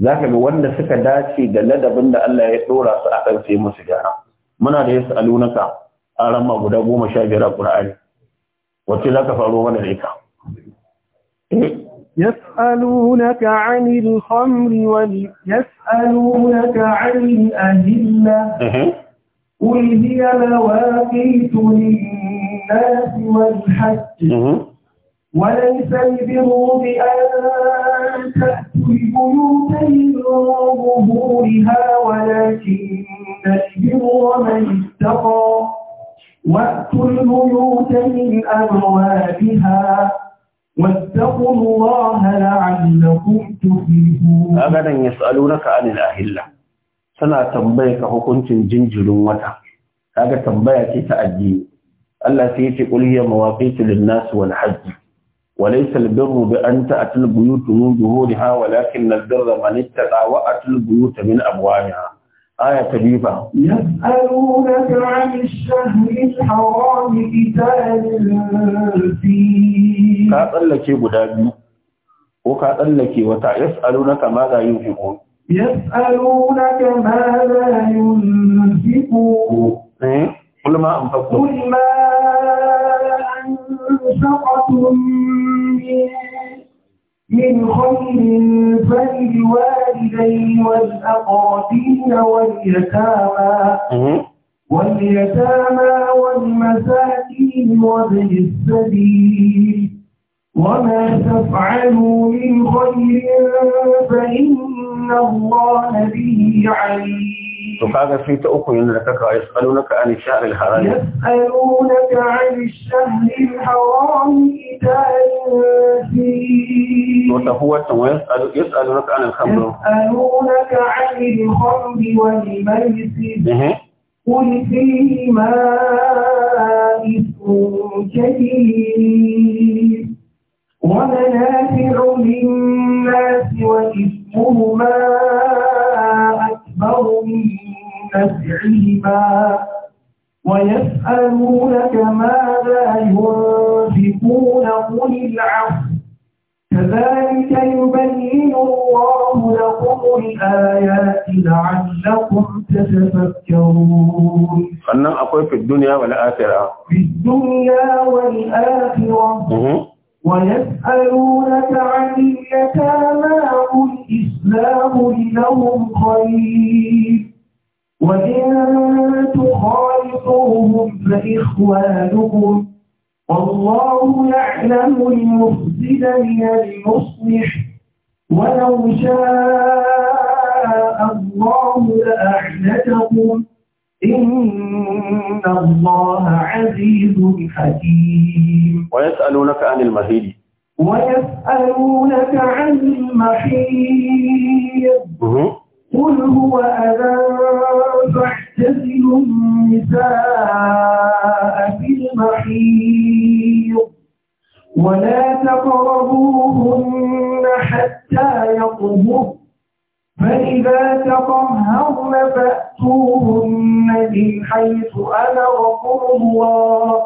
zaka ga wanda suka dace da ladabin da Allah ya dora su a kan sai musu gyara muna da yasalunaka aran ma guda biyar a Qur'ani wace zaka faro mana da ita eh, يسألونك عن الخمر ويسألونك عن الأهلة قل هي مواقيت للناس والحج وليس البر بأن تأتوا البيوت من ظهورها ولكن البر من اتقى وأتوا البيوت من أبوابها واتقوا الله لعلكم تفلحون ابدا يسالونك عن الاهله sana tambayeka hukuncin jinjirin wata kaga tambaya ce ta addini Allah sai ya ce qul ya mawaqitu lin nas wal hajj wa laysa al birru bi an ta'tul buyut min duhuriha walakin al birra man ittaqa wa atul buyut min abwabiha آية تليفة يسألونك عن الشهر الحرام قتال فيه كأطلك بدابي لك وتع يسألونك ماذا ينفقون يسألونك ماذا ينفقون قل ما أنفقون قل ما أنفقتم من من خير فلوالدي والأقربين واليتامى واليتامى والمساكين وابن السبيل وما تفعلوا من خير فإن الله به عليم تفاجئ في تأكل إن لك يسألونك عن الشهر الحرام يسألونك عن الشهر الحرام إذا فيه وتهوى ثم يسأل يسألونك عن الخمر يسألونك عن الخمر والميسر إيه. قل فيهما إثم كبير ومنافع للناس وإثمهما أكبر من ويسألونك ماذا ينفقون قل العفو كذلك يبين الله لكم الآيات لعلكم تتفكرون أنا أقول في الدنيا والآخرة في الدنيا والآخرة ويسألونك عن اليتامى قل إسلام لهم خير وإن تخالطوهم فإخوانكم والله يعلم المفسد من المصلح ولو شاء الله لأعنتكم إن الله عزيز حكيم ويسألونك عن المهيد ويسألونك عن المحيض قل هو أذى فاعتزلوا النساء في المحيط ولا تقربوهن حتى يطهر فإذا تطهرن فأتوهن من حيث أمركم الله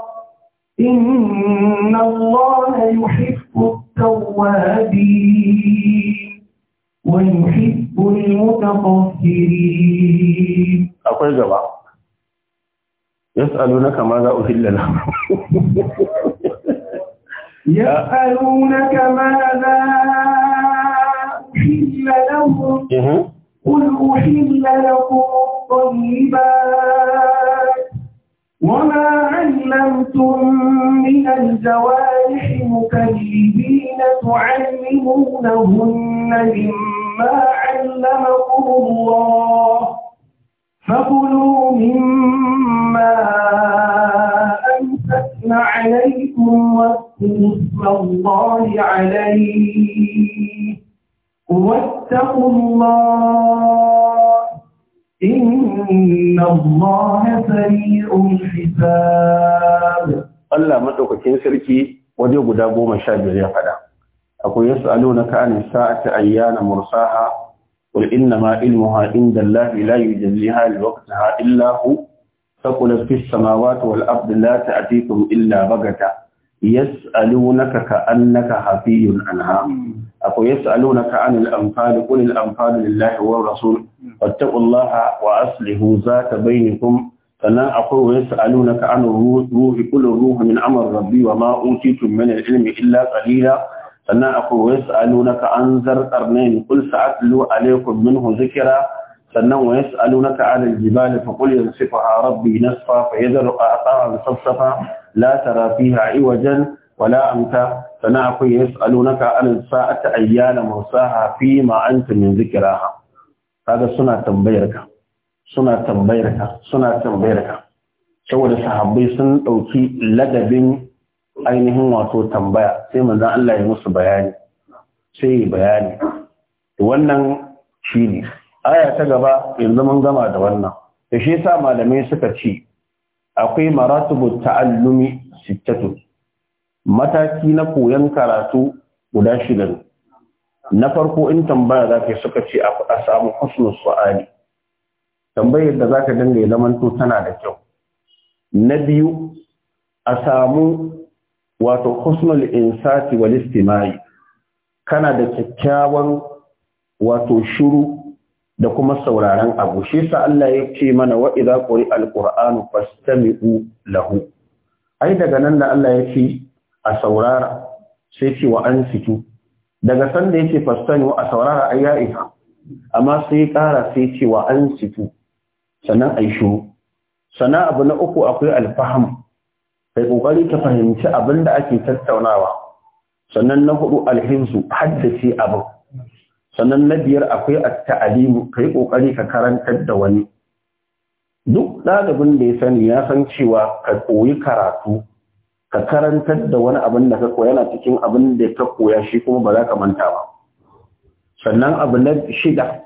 إن الله يحب التوابين ويحب المتطهرين أقول جواب يسألونك ماذا أهل لهم يسألونك ماذا أهل لهم قل أهل لكم الطيبات وما علمتم من الجوارح مكذبين تعلمونهن مما علمكم الله فكلوا مما أمسكن عليكم واذكروا اسم الله عليه واتقوا الله Allah maɗaukakin sarki waje guda goma sha biyar ya faɗa. Akwai yasu alo na kanin sa’ata ayyana mursaha, wal inna ma ilmu ha inda Allah ila yi jalli ha ila wakata ha illa hu, saƙulat fi illa bagata. yas'alunaka ka'annaka hafiyun anha aku yas'alunaka 'anil anfal qul al anfal lillahi wa rasul wattaqullaha wa aslihu zata bainakum sannan aku yas'alunaka 'an ruhi qul ruhu min amri rabbi wa ma utitu min al ilmi illa qalila sannan aku yas'alunaka 'an zarqarnain qul sa'atlu 'alaykum minhu dhikra sannan wa yas'alunaka 'ala al-jibali fa qul yansifuha rabbi nasfa fa yadruqa athaha safsafa la tara fiha 'iwajan wala amta sana akwai yas'alunaka 'ala as-sa'ati ayyana mursaha fi ma anta min dhikraha kaga suna tambayarka. suna tambayarka. suna tambayarka. saboda sahabbai sun dauki ladabin ainihin wato tambaya sai manzon Allah ya musu bayani sai bayani wannan shine aya ta gaba yanzu mun gama da wannan da shi yasa malamai suka ce akwai ta ta'allumi sittatu mataki na koyon karatu guda shida na farko in tambaya za suka ce a samu husnul su'ali tambayar da za ka dinga ya zamanto tana da kyau na biyu a samu wato husnul insati wal istimai kana da kyakkyawan wato shuru da kuma sauraron abu shi sa Allah ya ce mana wa idza quri alqur'anu fastami'u lahu ai daga nan da Allah ya ce a saurara sai ce wa ansitu daga san da yake fastani a saurara ai ya amma sai kara sai ce wa ansitu sannan ai shiru sana abu na uku akwai alfaham kai kokari ka fahimci abin da ake tattaunawa sannan na hudu alhimsu haddace abu sannan na biyar akwai a taalimu kai ƙoƙari ka karantar da wani duk ɗalibin da ya sani ya san cewa ka koyi karatu ka karantar da wani abin da ka koya yana cikin abin da ka koya shi kuma ba za ka manta ba sannan abu na shida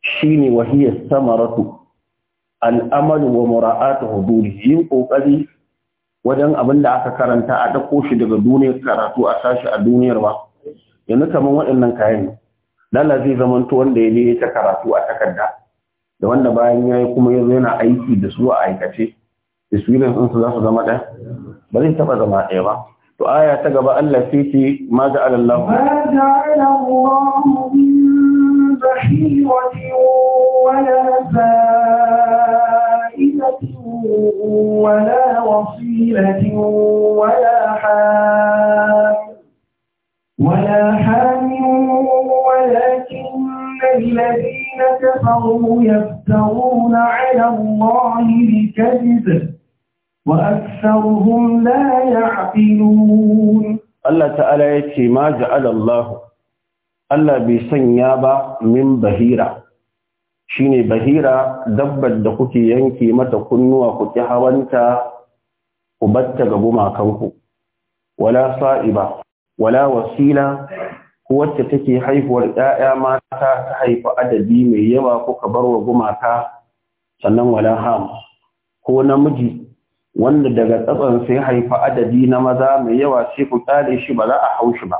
shine wahiyar samaratu al’amalu wa mura'atu hududu yin ƙoƙari wajen abin da aka karanta a ɗauko shi daga duniyar karatu a sashi a duniyar ba yanzu kamar waɗannan kayan lala zai zamanto wanda ya je ta karatu a takarda da wanda bayan ya yi kuma ya zo yana aiki da su a aikace experience ɗin su za su zama ɗaya ba zai taɓa zama ɗaya ba to aya ta gaba Allah sai ce ma ga Allah ma ga Allah min bahiyati wala sa'ilati wala wasilati wala ha الذين كفروا يفترون على الله الكذب وأكثرهم لا يعقلون الله تعالى يتي ما جعل الله الله بيسنيابا من بهيرة shine bahira dabbar da kuke yanke mata kunnuwa kuke hawanta ku batta ga gumakanku wala sa'iba wala wasila wacce take haihuwar ‘ya'ya mata ta haifa adadi mai yawa kuka bar wa gumaka sannan wala ham ko namiji wanda daga tsatson sai haifa adadi na maza mai yawa sai ku tsare shi ba za a hau shi ba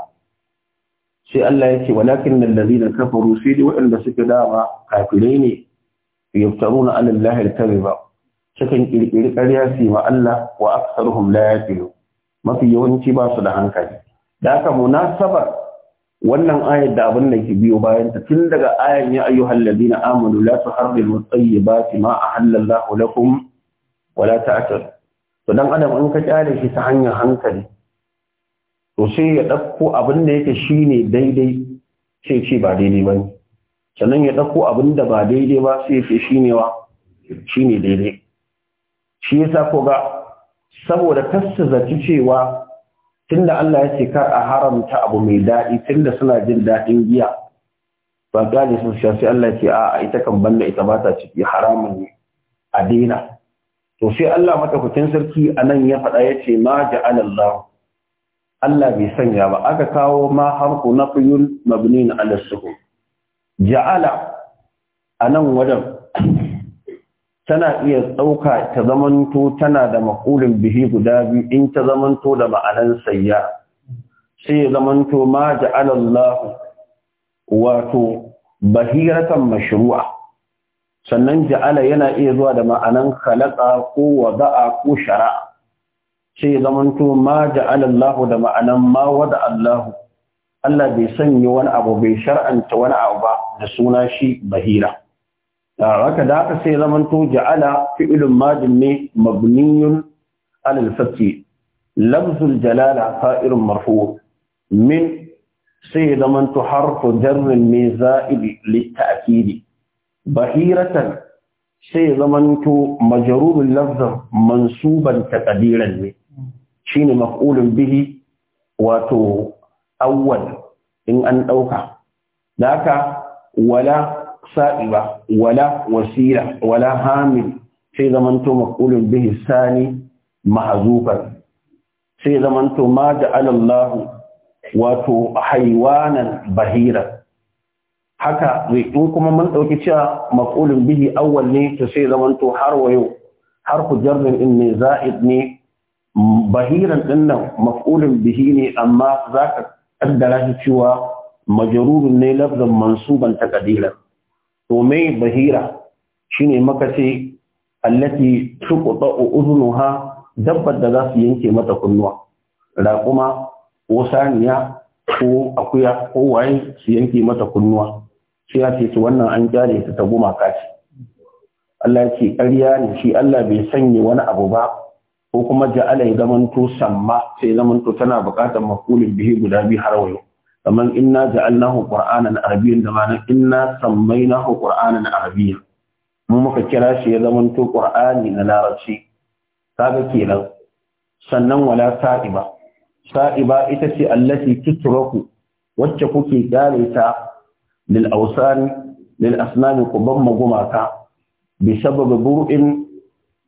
sai Allah yake walakin nan da zina kafaru sai dai waɗanda suke dama kafirai ne yaftaru na alallahi ba. Cikin ƙirƙiri ƙarya su ma Allah wa aksaruhum la yaqilu mafi yawanci ba su da hankali da haka munasabar wannan ayar da abin da ke biyo bayan ta tun daga ayar ya ayyuhal ladina amanu la tuharrimu tayyibati ma ahallallahu lakum wala ta'tadu to dan adam in ka kyale shi ta hanyar hankali to sai ya dauko abin da yake shine daidai sai ce ba daidai ba sannan ya dauko abin da ba daidai ba sai ce shine wa shine daidai shi yasa ko ga saboda zaci cewa tunda Allah ya ce kar a haramta abu mai daɗi tunda suna jin daɗin giya ba gane su sha sai Allah ya ce a ita kan banda ita ba ta ciki haramun ne a daina to sai Allah madaukakin sarki anan ya faɗa ya ce ma ja'ala Allah Allah bai sanya ba aka kawo ma harku nafiyun mabnin ala suhu ja'ala anan wajen tana iya ɗauka ta zamanto tana da maƙulin bihi guda biyu in ta zamanto da ma'anan sayya sai zamanto ma ja'alallahu wato bahiratan mashru'a sannan ja'ala yana iya zuwa da ma'anan khalaqa ko wada'a ko shara'a sai zamanto ma ja'alallahu da ma'anan ma wada Allahu Allah bai sanya wani abu bai shar'anta wani abu ba da suna shi bahira Ah, haka da aka sai zaman to ja'ala fi'ilun majin ne mabniyun ala al lafzul jalala fa'irun marfu min sai zaman to harfu jarrin ne za'ib litta'kidi bahiratan sai zaman to majrurul lafz mansuban taqdiran ne shine maf'ulun bihi wato awwal in an dauka da haka wala sa'iba wala Wasira wala hamil sai zamanto maqulun bihi sani mahzufan sai zamanto ma ja'ala wato haiwanan bahira haka zai in kuma mun ɗauki cewa maqulun bihi awal ne to sai zamanto har wayo har kujarrin in ne za'id ne bahiran dinnan maqulun bihi ne amma zaka ƙaddara shi cewa majrurun ne lafzan mansuban takadiran to mai bahira shine maka ce allati tuqta'u udhunuha dabbar da za su yanke mata kunnuwa raƙuma ko saniya ko akuya ko waye su yanke mata kunnuwa sai ya ce su wannan an jare ta ta gumaka ce Allah ya ce ƙarya ne shi Allah bai sanya wani abu ba ko kuma ja'ala ya zamanto samma sai zamanto tana buƙatar mafulin bihi guda biyu har wayo kamar inna ja'alnahu qur'anan arabiyyan da ma'anar inna sammainahu qur'anan arabiyyan mu muka kira shi ya zama to qur'ani na larabci kaga kenan sannan wala sa'iba sa'iba ita ce allati tutraku wacce kuke gare ta lil awsan lil asnami kuban magumaka bi sababi bu'in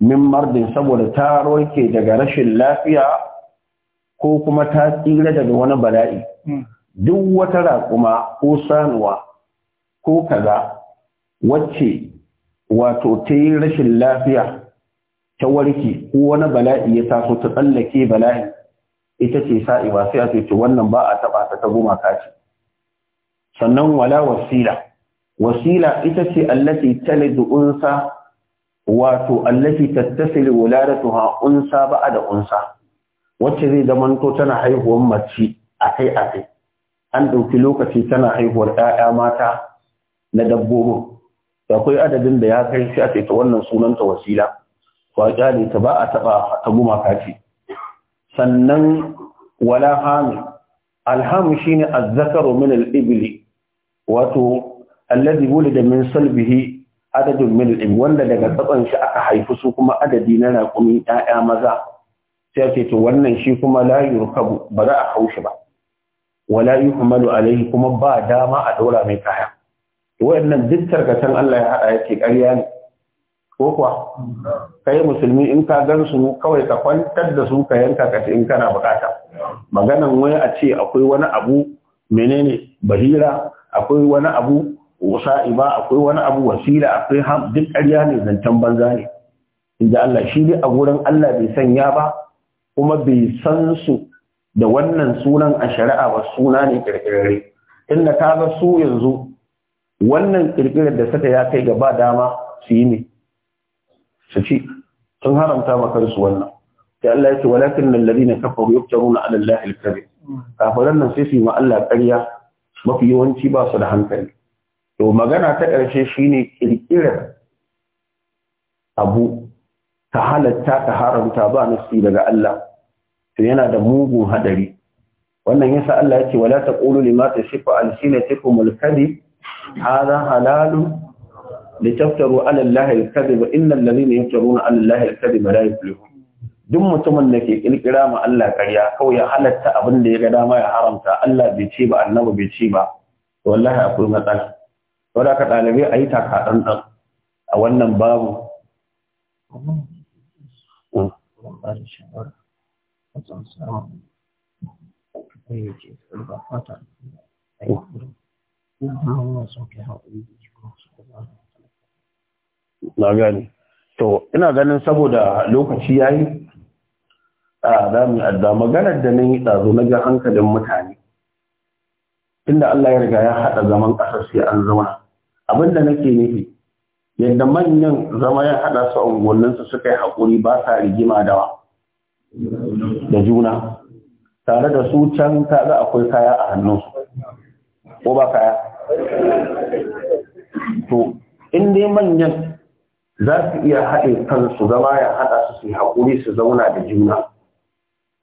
min mardin saboda ta roke daga rashin lafiya ko kuma ta tsira daga wani bala'i hmm. duk wata raƙuma ko sanuwa ko kaza wacce wato ta yi rashin lafiya ta warke ko wani bala'i ya taso ta tsallake bala'in ita ce ba. sai a ce wannan ba a taɓa ta ta gumaka sannan wala wasila wasila ita ce allati da unsa wato wula da wuladatuha unsa ba'a da unsa wacce zai zamanto tana haihuwar mace akai akai an ɗauki lokaci tana haihuwar ‘ya'ya mata na dabbobin da akwai adadin da ya kai shi a ta wannan sunanta wasila ba ne ta ba a taɓa ta ce sannan wala hami alhamu shine azzakaru min al-ibli wato wuli da min salbihi adadin min al wanda daga tsatsan shi aka haifi su kuma adadi na raƙumin ‘ya'ya maza sai ce to wannan shi kuma la kabu, ba za a haushi ba wala yuhmalu alaihi kuma ba dama a daura mai kaya wayannan duk tarkatan Allah ya hada yake ƙarya ne ko kuwa kai musulmi in ka gan su kawai ka kwantar da su ka yanka ka in kana bukata maganan wai a ce akwai wani abu menene bahira akwai wani abu wasa'iba akwai wani abu wasila akwai ham duk ƙarya ne zancen banza ne inda Allah shi dai a gurin Allah bai sanya ba kuma bai san su da wannan sunan a shari'a ba suna ne kirkirare inda ka ga su yanzu wannan kirkirar da suka ya kai gaba dama su yi ne su ci sun haramta ma kansu wannan Ya Allah ya ce walakin alladhina ta runa ala Allah al kafaran nan sai su yi ma Allah ƙarya mafi yawanci ba su da hankali to magana ta ƙarshe shi ne ƙirƙirar abu ta halatta ta haramta ba nasi daga Allah to yana da mugu hadari wannan yasa Allah yake wala taqulu lima tasifu alsinatukum alkadhib hadha halalun litaftaru ala allahi alkadhib innal ladhina yaftaruna ala allahi alkadhib la yuflihun duk mutumin da ke kirkira ma Allah ƙarya kawai ya halatta abin da ya ga dama ya haramta Allah bai ce ba annabi bai ce ba to wallahi akwai matsala saboda ka dalibai ayi taka dan dan a wannan babu na gani to ina ganin saboda lokaci yayi a dami adda maganar da nan yi ɗazo na ga hankalin mutane inda Allah ya riga ya haɗa zaman ƙasar sai an zauna abinda nake nufi yadda manyan zama ya haɗa su unguwanninsu suka yi haƙuri ba sa rigima wa. da juna tare da su can kaga akwai kaya a hannunsu ko ba kaya to in dai manyan za su iya haɗe su zama ya haɗa su su haƙuri su zauna da juna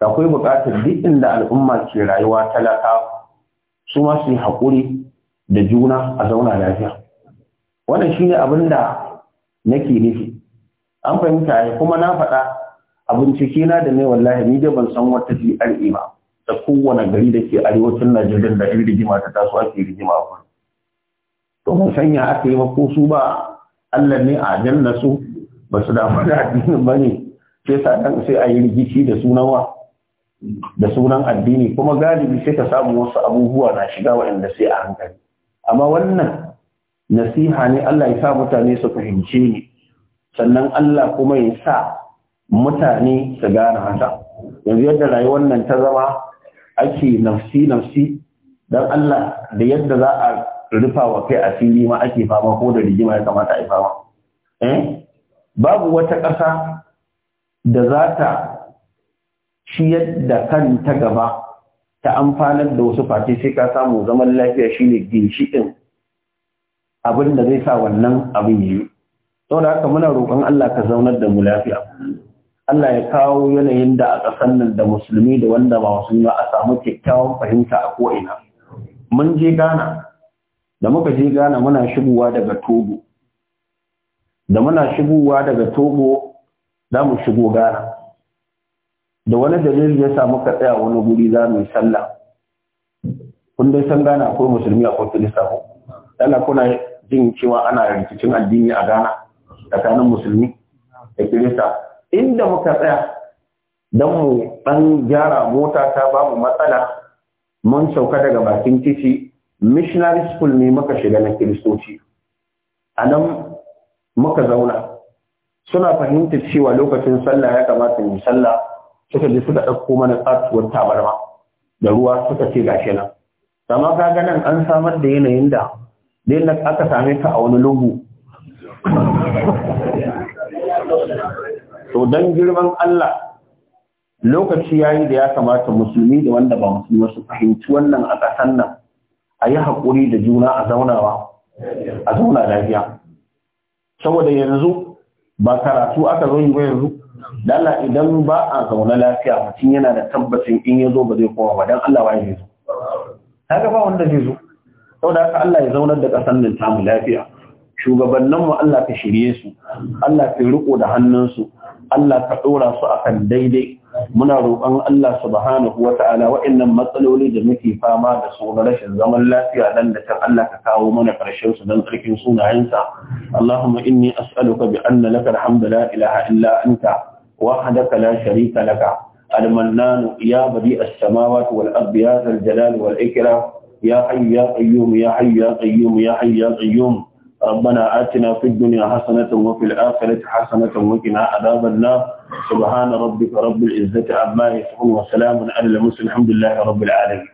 akwai buƙatar duk inda al'umma ke rayuwa talaka su ma su haƙuri da juna a zauna lafiya wannan shine abin da nake nufi an fahimta kuma na faɗa a bincike na da mai wallahi ni da ban san wata GRA e ba da kowane gari da ke arewacin Najeriya da irin rigima ta taso ake rigima a To mun sanya aka yi ba ko su ba Allah ne a janna su ba su damu da addinin ba ne sai sa dan sai a yi rigici da sunan da sunan addini kuma galibi sai ka samu wasu abubuwa na shiga waɗanda sai a hankali amma wannan nasiha ne Allah ya sa mutane su fahimce ni sannan Allah kuma ya sa mutane su gane hata yanzu yadda rayuwar nan ta zama ake nafsi nafsi don Allah da yadda za a rufa wa kai asiri ma ake fama ko da rigima ya kamata a yi fama eh? babu wata ƙasa da za ta ciyar kan ta gaba ta amfanar da wasu fati sai ka samu zaman lafiya shine ginshiɗin abin da zai sa wannan abin yi. Sau haka muna roƙon Allah ka zaunar da mu lafiya. Allah ya kawo yanayin da a ƙasar nan da musulmi da wanda ba wasu ba a samu kyakkyawan fahimta a ko'ina. Mun je Ghana, da muka je Ghana muna shigowa daga Togo. Da muna shigowa daga Togo za mu shigo Ghana. Da wani dalil ya samu ka tsaya wani guri za mu yi sallah. Kun dai san gana akwai musulmi akwai Kirista sabo. Allah kuna jin cewa ana rikicin addini a gana tsakanin musulmi da Kirista. inda muka tsaya don mu ɗan gyara mota ta ba mu matsala mun sauka daga bakin titi missionary school ne muka shiga na kiristoci a nan muka zauna suna fahimtar cewa lokacin sallah ya kamata mu sallah suka ji suka ɗauko mana tsatuwar tabarma da ruwa suka ce ga shi nan amma kaga nan an samar da yanayin da dai aka same ka a wani lungu to dan girman Allah lokaci yayi da ya kamata musulmi da wanda ba musulmi su fahimci wannan a kasan nan ayi hakuri da juna a zaunawa a zauna lafiya saboda yanzu ba karatu aka zo yi ba yanzu dala idan ba a zaune lafiya mutum yana da tabbacin in ya zo ba zai kowa ba don Allah waye zai zo kaga ba wanda zai zo saboda haka Allah ya zaunar da kasan nan tamu lafiya shugabanninmu Allah ka shirye su Allah ka riko da hannunsu Allah ka ɗora su kan daidai muna roƙon Allah subhanahu wa ta'ala wa'annan matsaloli da muke fama da su na rashin zaman lafiya dan da can Allah ka kawo mana ƙarshen su dan tsarkin sunayensa Allahumma inni as'aluka bi anna laka alhamdu la ilaha illa anta wahdaka la sharika laka المنان يا بديع السماوات والأرض يا ذا الجلال والإكرام يا حي يا قيوم يا حي يا قيوم يا حي يا قيوم ربنا آتنا في الدنيا حسنة وفي الآخرة حسنة وقنا عذاب النار سبحان ربك رب العزة عما يصفون وسلام على المسلم الحمد لله رب العالمين